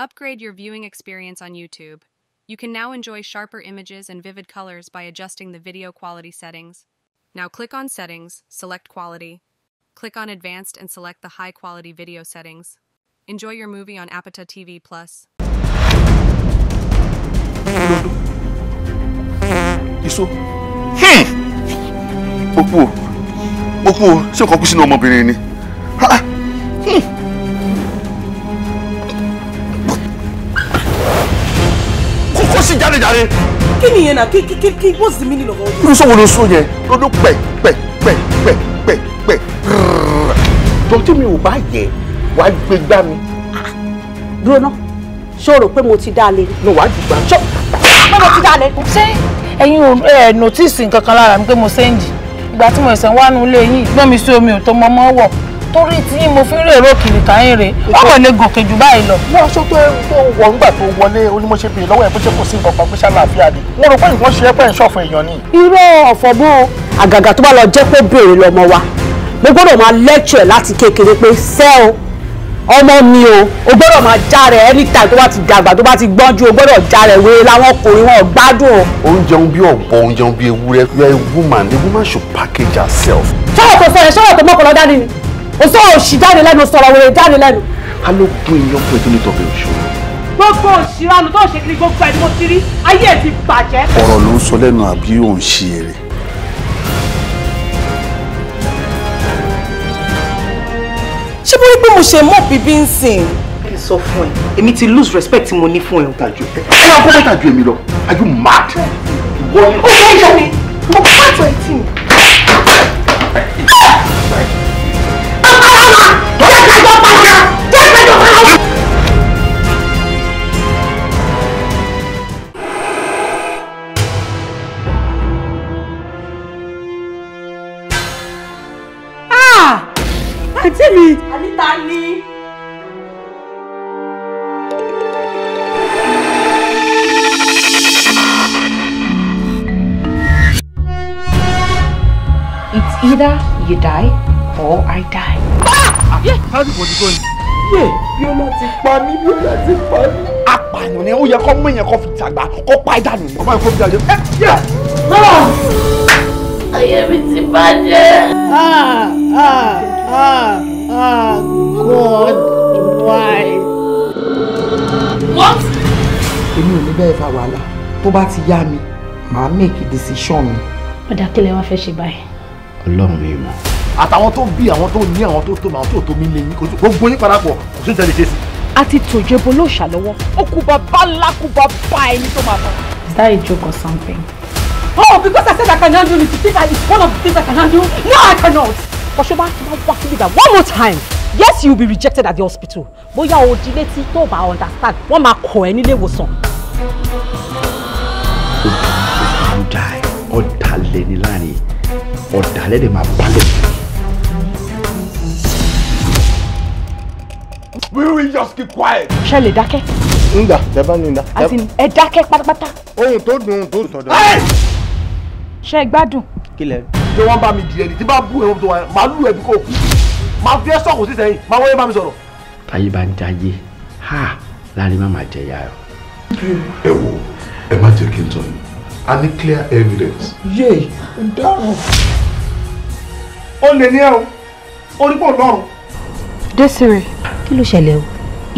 Upgrade your viewing experience on YouTube. You can now enjoy sharper images and vivid colors by adjusting the video quality settings. Now click on Settings, select Quality. Click on Advanced and select the High Quality Video settings. Enjoy your movie on Apata TV+. Plus. Iso. Hmm. Oku. Oku, ṣé nǹkan kú sínú ni? Ha. Hmm. ó sì jáde jáde. kí ni ìyẹn náà kí kí kí what's the meaning of all this. irú sọ́wọ́ ló sọ yẹn lọ́dún pẹ̀ pẹ̀ pẹ̀ pẹ̀ pẹ̀ pẹ̀ tọ́tí mi ò bá yẹ wàá gbé gbá mi. dúró náà ṣé o rò pé mo ti dá a lé. ní wàá dùgbà. ṣé mo ti dá a lé. ṣé ẹ̀yin ò nọ́tìsì nǹkan kan lára mi pé mo ṣe ń jì ìgbà tí mo ṣẹ̀ ń wá nu ilé yìí gbọ́n mi sí omi ò tó mọ́ mọ́ wọ̀ torí tí mo fi ń rè èrò kiri táyìn rè ọmọ lè gòkè jù báyìí lọ. wọ́n aṣọ tó wọ̀ ńgbà tó wọlé onímọ̀ṣe bèrè lọ́wọ́ ẹ̀ pé ṣé kò sí nǹkan kan pé ṣàlàáfíà ni wọ́n rò pé nǹkan ṣe é ṣọ̀fọ̀ èèyàn ni. irọ́ ọ̀fọ̀ mọ́ àgàgà tó bá lọ jẹ́ pé bèrè lọmọ wa mo gbọ́dọ̀ máa lecture láti kékeré pé sẹ́ o ọmọ mi o o gbọ́dọ̀ máa já rẹ̀ anytime tó bá ti dàgbà tó bá ti gbọ́njú o gbọ́dọ̀ já rẹ̀ wé láwọn ọkùnrin wọn gbádùn o. ó ń bí ọ̀bọ ó ń bí ewúrẹ́ you are a woman a woman should package herself. ṣọ́wọ́ tó sọ ṣọ́wọ́ tó mọ́kànlá dání ni o sọ òṣì jáde lẹ́nu sọ̀rọ̀ wèrè jáde lẹ́nu. ká ló gun èèyàn fún ẹ tó ní tọpẹ òṣòro. gbogbo òṣìrànù tó ṣe kiri gbogbo ẹni mo ti rí ayé ẹ ti bàjẹ́. ọ̀rọ̀ ló ń sọ lẹ́nu àbí ò ń ṣe eré. ṣé mo rí pé mo ṣe mọ́ bíbí ń sìn kí n sọ fún ẹ èmi ti lose respect tí mo ní fún ẹ o. tàjú ẹ ẹ ọkọ mẹ́ta ju èmi lọ are you mad. wọ́n ní ọ̀gá ẹ̀yọ́ mi mo àǹtí mi. àníta ni. It's either you die or I die. Ah! How's the body going? Yeah, Bíọ́lá ti pa mí, Bíọ́lá ti pa mí. Apààyàn ni ó yẹ kó mú èèyàn kó fi tàgbà kó pa ẹ̀dá nù. Ọmọ ìkó fi àjẹ. Ẹ eh, Ayé mi ti bàjẹ́. Ah, ah. Ah, ah, God, why? What? Èmi ò ní bẹ́ẹ̀ fa wàhálà. To bá ti yá mi, màá make decision mi. Ọ̀dà kí lẹ wá fẹ́ ṣe báyìí? Ọlọ́run mi mọ̀. Àtàwọn tó bí àwọn tó ní àwọn tó tó àwọn tó tó mi lé yín kojú gbogbo yín parapọ̀ kò sí ìtẹ́lẹ̀ ṣe sí. A ti tòjé bolóòṣà lọ́wọ́, ó kú bàbá ńlá kú bàbá ẹni tó máa bọ̀. Is that a joke or something? Oh, because I said I can handle it, you think I, it's one of the things I can handle? No, I cannot! Ọ̀ṣọ́bá ti bá wá that one more time. Yes, you will be rejected at the hospital. Bóyá o di létí tó bá understand, wọ́n máa kọ̀ ẹ́ nílé ìwòsàn. Ọ̀dà ọ̀dàlẹ̀ ni láàrin ọ̀dàlẹ̀ lè máa balẹ̀. Will we just keep quiet? Shall we dákẹ́? Nda, dẹ́bá nda. nga. Àti ẹ dákẹ́ pátápátá. Ohun tó dùn ohun tó sọ̀dọ̀. Ṣé badu. Kill Kílẹ̀ jẹ́ wọ́n bá mi jìyẹ ni tí bá bú ẹ̀rọ tó wà máa lù ẹ̀bí kò kú máa fi ẹ́ sọ̀kò sí sẹ́yìn máa wọlé bá mi sọ̀rọ̀. táyé bá ń jayé ha láàrin má máa jẹ ya o. ẹ wo ẹ má jẹ́ kí n tọ́ ni a ní clear evidence. yé o dáhùn. ó lè ní ẹ o orí pọ̀ lọ́rùn. Desire kí ló ṣẹlẹ̀ o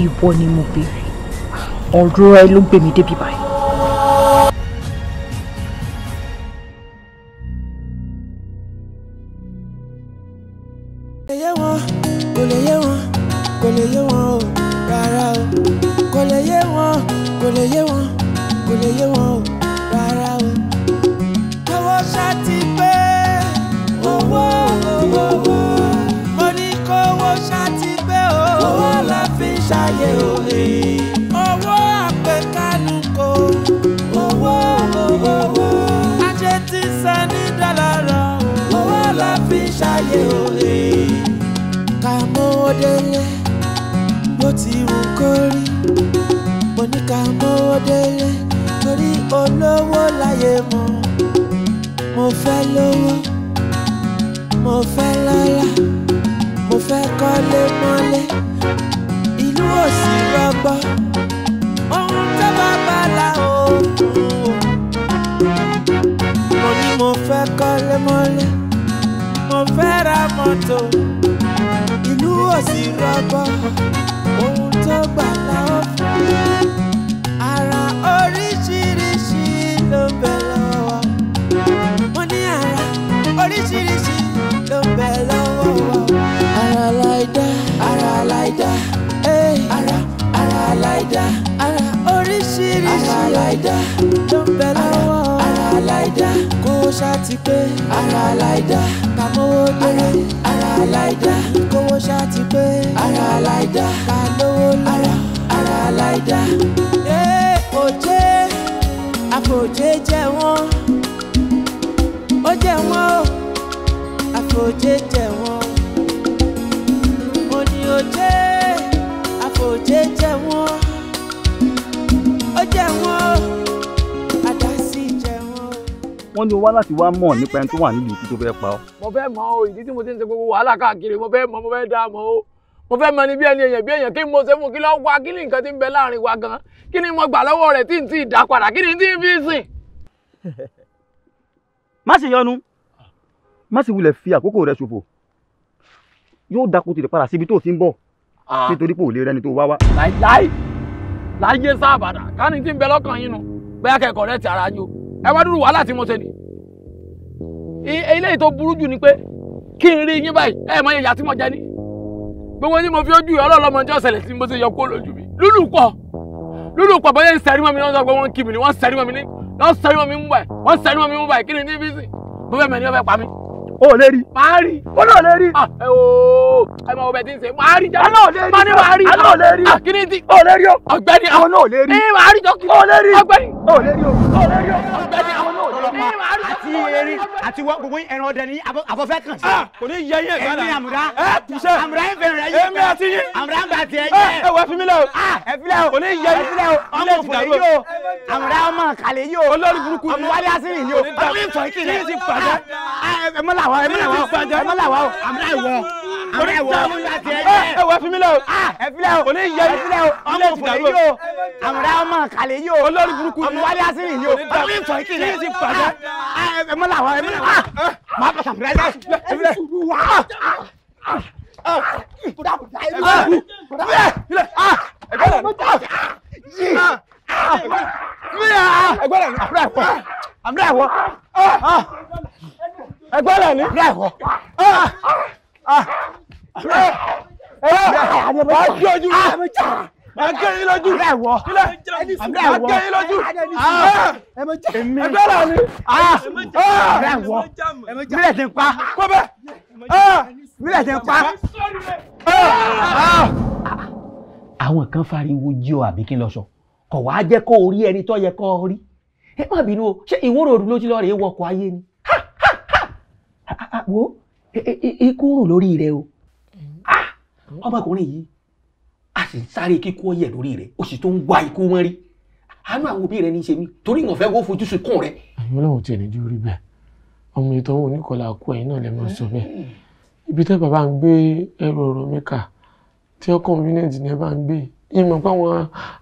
ìwọ ni mo béèrè ọ̀rọ̀ ẹ ló gbé mi débi báyìí. mo fẹ́ kọ́lé mọ́lé mo fẹ́ ra mọ́tò ìlú òsì rọ́gbọ́ ohun tó gbà láwọ́ fún ara oríṣiríṣi ló ń bẹ lọ́wọ́ mo ní ara oríṣiríṣi ló ń bẹ lọ́wọ́ ara láìdá ara láìdá ara eh, ara láìdá ara oríṣiríṣi ara láìdá ló ń bẹ ara aláìdá kó ṣáàtì pé ara aláìdá kàmówó dérè ara aláìdá kówó ṣáàtì pé ara aláìdá kàlówó lára ara aláìdá. ee òjé àfòjé jẹ wọn ó jẹ wọn o àfòjé jẹ wọn òní òjé àfòjé jẹ wọn. wọ́n ní o wá láti wá mọ̀ nípa ẹni tó wà nílùú ikú tó fẹ́ pa ọ́. mo fẹ́ mọ̀ o ìdí tí mo ti ń ṣe gbogbo wàhálà káàkiri mo fẹ́ mọ̀ mo fẹ́ dá mọ̀ o mo fẹ́ mọ̀ ni bí ẹni èèyàn bí èèyàn kí mo ṣe fún kí ló wá kí ni nǹkan ti ń bẹ láàrin wa gan kí ni mo gbà lọ́wọ́ rẹ̀ tí n ti dá padà kí ni tí n fi sìn. má ṣe yọnu má ṣe wulẹ̀ fi àkókò rẹ ṣòfò yóò dákú tìrẹ padà síbi tó ti ń bọ̀ ah. nítorí pé ò láyé sáàbàdà ká ní tí ń bẹ lọ́kàn yín nu bóyá kẹ́kọ̀ọ́ rẹ ti ara yín ẹ wá dúró wàhálà tí mo ṣe ni eléyìí tó burú jù ni pé kí n rí yín báyìí ẹ mọ ìyá tí mo jẹ ni gbogbo yín mo fi ojú ìyá ọlọ́ọ̀lọ́mọ tí ọ̀sẹ̀ tí mo ṣe yọ kó lójú mi lúlù pọ̀ lúlù pọ̀ bọ́yá ń sẹ́rí mọ́ mi lọ́sọ̀ pé wọ́n ń kí ni wọ́n sẹ́rí mọ́ mi ní wọ́n sẹ́rí mọ́ mi ń báyìí wọ́n sẹ́rí mọ́ mi ń báyìí kí ni ní bí sìn bó fẹ́ pa mí o lè rí. màá rí. o náà lè rí. Ah, ẹ o ẹ máa wọ bẹ́ẹ̀ tí ń ṣe màá rí jáde. aláwọ̀ lè rí. màá ní màá rí. aláwọ̀ lè rí. Ah, kíni ti. o lè rí o. ọ̀gbẹ́ni. o ah. náà lè rí. ẹ eh, màá rí jọ kí. o lè rí. ọ̀gbẹ́ni. o lè rí o. o lè rí o. ọ̀gbẹ́ni. o náà lè rí ọmọ àti erin àti wọ gbogbo ẹran ọdẹ ní abọ́fẹ́ kàn sí. Ah, kò ní yẹ yẹn gbọ́dọ̀ èmi àmúra àmúra ń fẹ́ràn ẹyẹ èmi àti yín àmúra ń bà tiẹ̀ ah, jẹ́. ẹ wọ ẹfin mi lẹ o ah, ẹfin lẹ o kò ní yẹ yẹn ẹfin lẹ o ọmọ òfòlè yìí o àmúra ọmọ kàlẹ́ yìí o olórí burúkú yìí ọmọ wálé asírí yìí o ọmọ ìfọ̀ ìkìlẹ̀ ẹ ẹ mọ́ làwọ̀ ẹ mọ́ làwọ̀ àmúra ìwọ àmúra ẹ wọ ẹfin mi lẹ o ẹfin lẹ o kò ní yẹ ẹfin lẹ o ọmọ òfòlè yìí o àmúra ọmọ kàlẹ́ yìí o olórí burúkú yìí ọmọ wálé asírí yìí o ọmọ ìfọ̀ ìkìlẹ̀ ẹ ẹ mọ làwọn ẹ mọ làwọn máa bàtà mi láyé ẹ mi sùúrù wá. kódà kódà ẹ mi sùúrù kódà ẹ mi sùúrù yìí ẹgbẹ́rẹ́ ni àbúrò ẹ̀kọ́ àbúrò ẹ̀kọ́ ẹgbẹ́rẹ́ ni àbúrò ẹ̀kọ́ wàá kí ojú rẹ̀ máa kí ẹyin lójú àbúrò ẹ̀kọ́ àbúrò ẹ̀kọ́ ẹgbẹ́ rà ni ẹgbẹ́ wọ mílẹ̀ ti ń pa kọ́bẹ̀ mílẹ̀ ti ń pa. àwọn kan fariwo jí ọ àbí kí n lọ sọ kọ̀ wá jẹ́ kó o rí ẹni tó yẹ kó o rí ẹ má bínú o ṣé ìwúrò òdu ló ti lọ rèé wọkọ̀ ayé ni ah! Ah! wo e, e, e, ikú rùn lórí rẹ o ah! ọmọkùnrin yìí a sì ń sáré kíkú ọyẹ lórí rẹ o sì tún ń wá ikú wọn rí àánú àwọn òbí rẹ ní í ṣe mí torí wọn fẹ́ kó fojú sunkún rẹ. àyìn ọlọ́run tiẹ̀ ní ju rí bẹ́ẹ̀ ọmọ ìtàn òun nìkọlà kú ẹ̀yìn náà lè máa sọ bẹ́ẹ̀ ibi tẹ́ bàbá ń gbé ẹrù ọ̀rọ̀ mi kà tí ọkàn mi náà jìnnà bá ń gbé ìmọ̀ páwọn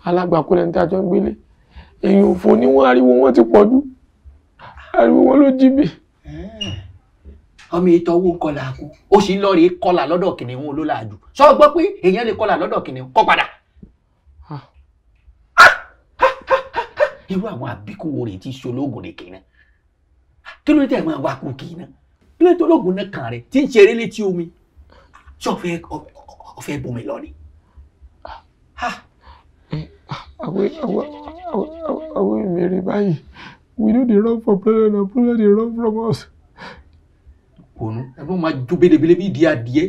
alágbàkulẹ̀ ń dájọ́ ń gbélé èyàn òfò ni wọ́n ariwo wọn ti pọ̀jù ariwo wọn ló jí bì. ọmọ ìtàn owó kọlà kú ó sì lọ rèé kọlà lọ́dọ̀ kìnìún olólàájú sọ gbọ́ pé èèyàn lè kọlà lọ́dọ̀ kìnìún kọ́ padà. irú àwọn àbíkúwo rẹ̀ ti ṣológun rẹ̀ kìnnà kí ló dé tẹ̀ máa wá kú kìnnà kí ló dé ológun náà kàn rẹ̀ tí ń ṣeré létí omi tí ọ̀fẹ́ ọ̀fẹ́ bomi lọ ni. àwọn àwọn àwọn àwọn ìmèrè báyìí we no dey run for problem na problem dey run from us. ònú ẹ ló máa jó belebele bí di adìẹ.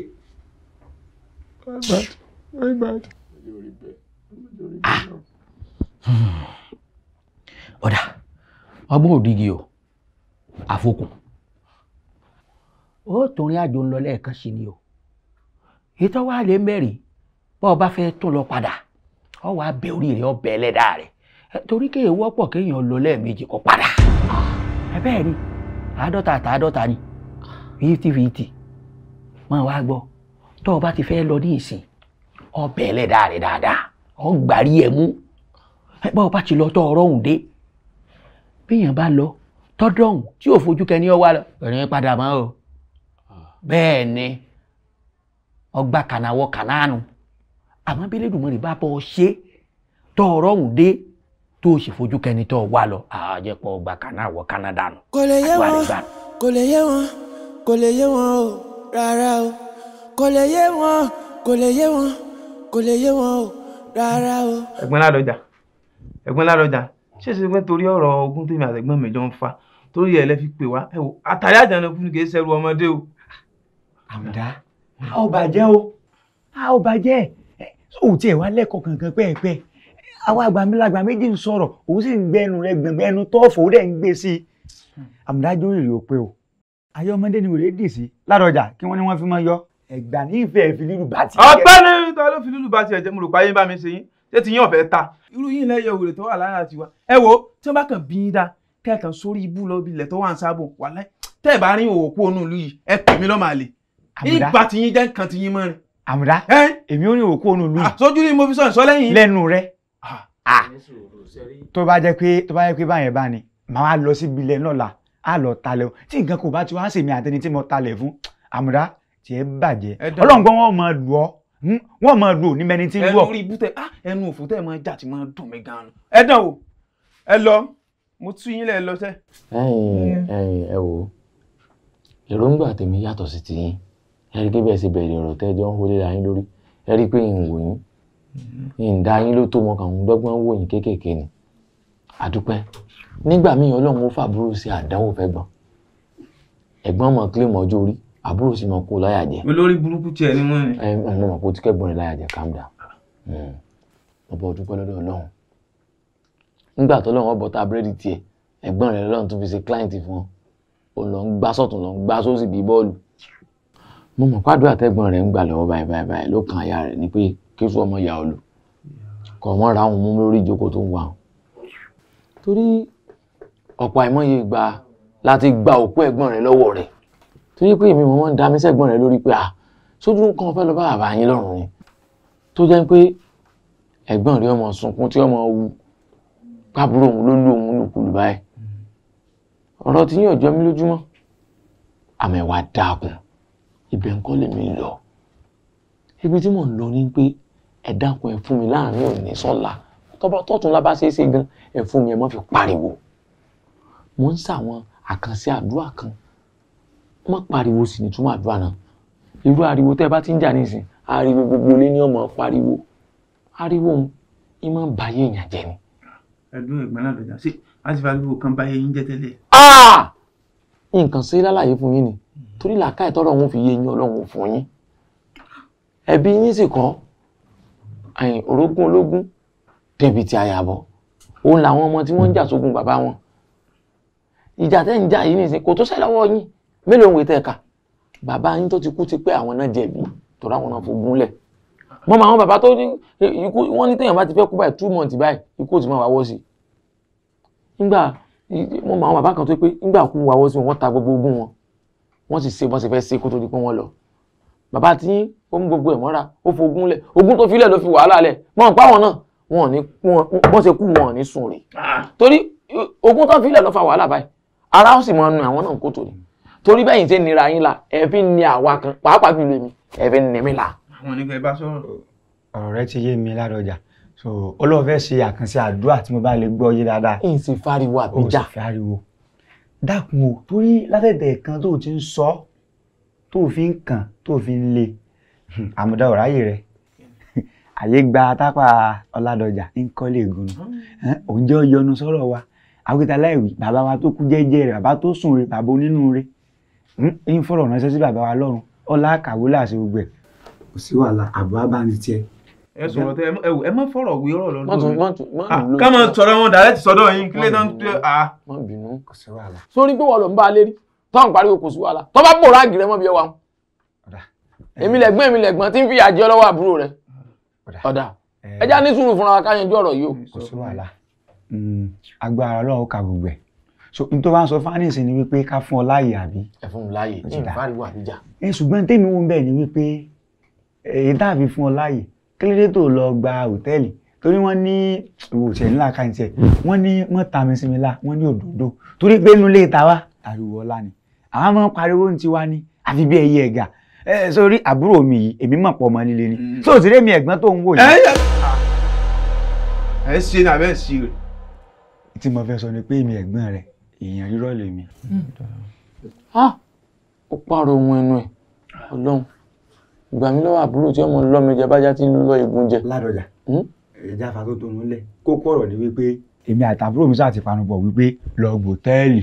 my bad my bad. ah. Hmm ọ̀dà ọgbọ́n òdìgì o àfokùn ó torin àjò ń lọ lẹ́ẹ̀kan sí ni o ètò wa lè mẹ́rin bọ́ ọ fẹ́ tún lọ padà ọ wàá bẹ orí rẹ ọ bẹ rẹ torí kéèyàn wọ́pọ̀ kéèyàn lọ lẹ́ẹ̀mejì kó padà ẹ ni àádọ́ta àtàádọ́ta ni fifty fifty máa wá gbọ́ tọ́ ọ ti fẹ́ lọ ní ìsìn ọ bẹ rẹ dáadáa ọ gbàrí ẹ mú bọ́ ọ ti lọ tọ́ ọ rọ́hùn bíyàn bá lọ tọ́dọ̀hún tí ò fojú kẹni ọ wá lọ ẹ̀rín padà mọ́ o bẹ́ẹ̀ ni ọgbà kànáwọ́ kànáànù àmọ́ bí Elédùmarè bá bọ́ ọ ṣe tọ́ ọ̀rọ̀ ọ̀hún dé tó o sì fojú kẹni tọ́ ọ wá lọ àjẹpọ̀ ọgbà kànáwọ́ kànáàdà nù. kò lè yé wọn kò lè yé wọn kò lè yé wọn o rárá o kò lè yé wọn kò lè yé wọn kò lè yé wọn o rárá o. ẹ̀gbọ́n ládọjà ẹ̀gbọ́n ládọjà ṣé ṣe pé torí ọ̀rọ̀ ogún tèmi àtẹ̀gbọ́n mi jọ ń fa torí ẹ̀ lẹ́ fi pè wá ẹ wò àtàrí àjànàkú ni kì í ṣẹrù ọmọdé o. àmdá a ò bàjẹ́ o a ò bàjẹ́ ò tiẹ̀ wá lẹ́kọ̀ọ́ kankan pẹ́ẹ́pẹ́ àwa àgbàmílagbà méjì ń sọ̀rọ̀ òun sì ń gbẹnu rẹ gbẹ̀ngbẹ̀nu tọ́ọ̀fù ó dẹ̀ ń gbé sí i àmdá jórí rèé o pé o ayé ọmọdé ni wèrè dì sí ládọjà kí wọ́n ní wọ́n fi máa yọ ẹ̀gbà ní ìfẹ́ ìfìlúlù bá tiẹ̀ jẹ́. ọ̀pẹ́ ni ta ló fi lúlù bá tiẹ̀ jẹ́ mo rò pé ayé ń bá mi ṣe yín ṣé ti yín ọ̀fẹ́ ta irú yìí lẹ́yọ̀ wèrè tó wà lára tiwa ẹ wo tí wọ́n bá kàn bí yín dá kẹ́ẹ̀kan sórí ibú lọ bilẹ̀ tó wà ń sábò wà láì tẹ́ ẹ̀ bá rí òwò kú onú ìlú yìí ẹ pè mí lọ́mọ àlè ìgbà tí yín jẹ́ nǹkan tí yín mọ́rin. àmúdá èmi ò ní òwò kú onú ìlú yìí. Ah, sójú ni mo fi sọ ìsọ lẹ́yìn. lẹ́nu rẹ ah. Ah. tó bá jẹ́ pé tó bá jẹ́ pé báyẹn bá ni màá wá lọ síbi ilẹ̀ náà la á lọ talẹ̀ o tí nǹkan kò bá ti wá sèmi àtẹni tí mo talẹ̀ fún àmúdá tiẹ̀ bàjẹ́ ọlọ́ngbọ́n wọn mọ̀ lù ọ́ Hmm? wọ́n máa lu òní mẹni tí ń wọ̀. ẹnu rí bútẹ ah, ẹnu òfò tẹ máa jà tí máa dùn mí gan. ẹ dàn o ẹ lọ mo tú yín lẹ lọ sẹ. ẹ̀yin hmm. ẹ̀yin ẹ wò èròǹgbà tèmi yàtọ̀ sí tiyín ẹ rí kí bẹ́ẹ̀ ṣe bẹ̀rẹ̀ ọ̀rọ̀ tẹ́ jọ ń wọlé ra yín lórí ẹ rí pé ìwò yín ìdá hmm. yín ló tó mọ kàn ń dọ́gbọ́n wò yín kéékèèké ni àdúpẹ́ nígbà míì ọlọ́run ó fàbúrò sí àdánwò fẹ́ gbọ́n ẹ̀gbọ́n mọ̀ kílèmọ̀ ọjọ́ orí àbúrò sì máa kó láyà jẹ. olórí burúkú tiẹ̀ ni wọ́n ní. ẹ ẹ mọ̀ kó tí kẹ́gbọ́n rẹ̀ láyà jẹ calm down. ọba hmm. òdúpẹ́ lọ́dọ̀ ọlọ́run nígbà tó lọ́wọ́ bọ́tà búrẹ́dì tiẹ̀ ẹ̀gbọ́n rẹ̀ lọ́run tún fi ṣe client fún ọ ó lọ ń gbá sọ̀tún lọ ń gbá sósì bíi bọ́ọ̀lù. mo mọ̀ pàdó àtẹ́gbọ́n rẹ̀ ń gbà lọ́wọ́ báyìí báyìí báyìí ló kan àyà rẹ̀ ni pé kéṣù ọmọ ìyá olù kọ̀ wọ́n ra òun mú lórí ìjókòó tó torí pé èmi mo máa ń da sẹ́gbọ́n rẹ̀ lórí pé à sójú nǹkan fẹ́ lọ bá bàbá yín lọ́rùn ni tó jẹ́ pé ẹ̀gbọ́n rẹ̀ ọmọ sunkún tí ọmọ wu pàbúrò òun ló lù òun lùkulù báyìí ọ̀rọ̀ tí yín ọ̀jọ́ mi lójúmọ́ àmọ́ ẹ̀wà dákun ibẹ̀ ńkọ́ lèmi lọ ibi tí mò ń lọ ni pé ẹ dákun ẹ fún mi láàrin òní sọ́la tọ́ba tọ́tún lábá ṣe gan ẹ fún mi ẹ má fi pariwo mo ń ṣàwọn àkànṣe àdúrà kan má pariwo sì ní túmọ̀ àdúrà náà irú ariwo tẹ́ ẹ bá ti ń jà nísìn ariwo gbogbo lé ní ọmọ pariwo ariwo òun ni máa ń èèyàn jẹ ni. ẹdun ẹgbẹ́ náà lọjà ṣé a ti fa ariwo kan báyé yín jẹ tẹ́lẹ̀. Ah! nǹkan ṣe lálàyé fún yín ni torí làákàyè tọrọ òun fi yé yín Ọlọ́run fún yín ẹbí yín sì kọ́ orogún ológun débi ti àyàbọ̀ òun làwọn ọmọ tí wọ́n ń jà sógun bàbá wọn ìjà tẹ́ ń jà yìí nìsín kò tó ṣẹlẹ̀ ọwọ́ yín mélòó ń wé tẹ́ka bàbá yín tó ti kú ti pé àwọn náà jẹ̀bi tọ́ra àwọn náà fogún lẹ̀ mọ́ màá wọn bàbá tó ní ikú wọ́n ní téèyàn bá ti fẹ́ kú báyìí two months báyìí ikú ò ti máa wá wọ́ sí i ńgbà mọ́ màá wọn bàbá kan tó pé ńgbà kú wá wọ́ sí wọn wọ́n ta gbogbo ogún wọn wọ́n sì ṣe bọ́n sì fẹ́ ṣe kó tó di pé wọ́n lọ bàbá tí ó ń gbogbo ẹ̀ mọ́ra ó fogún lẹ̀ ogún tó filẹ̀ ló fi wàhálà lẹ̀ mọ́ ọ̀pá wọn torí bẹ́yìn ṣe nira yín la ẹ fi ni àwa kan pàápàá jùlọ èmi ẹ fi ni mí la. àwọn onígbà bá sọ̀rọ̀. ọ̀rọ̀ rẹ ti yé mi ládọjà so Ọlọ́run fẹ́ ṣe àkànṣe àdúrà tí mo bá lè gbọ́ yé dáadáa. n sì fariwo àbíjà. o sì fariwo dákun o torí látẹ̀tẹ̀ kan tó o ti ń sọ tó o fi ń kàn tó o fi ń le àmúdá ọ̀ráyè rẹ àyè gba tápà ọ̀làdọjà ń kọ́lé ègún nu òun jẹ́ ọyọnu sọ̀rọ̀ wa àwọn ìtàláìwì bàbá wa tó kú jẹ́jẹ́ rẹ̀ bàbá tó sùn rẹ̀ bàbá onínú rẹ̀ ń fọ̀rọ̀ ránṣẹ́ sí bàbá wa lọ́rùn ọlá kàwé làṣẹ gbogbo ẹ̀. kò sí wàhálà àbúrò bá ní tiẹ̀. ẹ sọ̀rọ̀ tẹ ẹ mọ fọ̀rọ̀ wí ọ̀rọ̀ lọ́dún. Ah, ká máa sọ̀rọ̀ wọn direct sọ́dọ̀ yín kílẹ̀ náà tẹ à. má bínú kò sí wàhálà. sórí pé wọ́n lọ ń bá a lérí tó ń pariwo kò sí wàhálà tó bá pòórá àgìrẹ́ mọ́ bí ẹ wà wọn. èmi lẹ̀gbọ́n èmi lẹ̀gbọ́n tí ń fi àjẹ́ ọlọ́wọ́ àbúrò rẹ̀. ọ̀dà ẹ já ní sùúrù fúnra wa ká yanjú ọ̀rọ̀ yìí o. kò sí wàhálà mm, agbára ọlọ́run kà gbogbo ẹ̀ so n tó bá ń sọ fánísì ni wípé ká fún ọ láàyè àbí. ẹ fún mi láàyè ìbáriwò àbíjà. ẹ ṣùgbọ́n tèmi ń bẹ̀ ni wípé èyí tàbí fún ọ láàyè kílódé tó lọ gba hòtẹ́ẹ̀lì torí wọ́n ní òòtẹ̀ ńlá káńtẹ̀ wọ́n ní mọ́tàmísìmílà wọ́n ní òdòdó torí pé inú ilé ta wá ariwo ọlá ni àwọn máa ń pariwo ní tiwa ni àfi bí ẹyẹ ẹ̀gà ẹ sórí àbúrò mi yìí èmi mọ̀ pọ̀ ọmọ líle ni sóòtì rẹ̀ mi ẹ̀gbọ́n tó ń wò yìí. ẹ ṣe ní abẹ́ ṣe rẹ̀. tí mo fẹ́ sọ ni pé èmi ẹ̀gbọ́n rẹ̀ èèyàn rírọ̀ lèmi. Hmm. ó pààrọ̀ ohun ẹnu ẹ̀ ọlọ́run ìgbà mi lọ́wọ́ àbúrò tí ọmọ lọ́mẹjẹ bá já tí ń lọ ìgún jẹ. ládọjà hmm? ẹja fàtó tó nulẹ kókó ọ̀rọ̀ ni wípé. èmi àtàbúrò mi sáà ti panu bọ̀ wípé lọ gbòtẹ́ẹ̀lì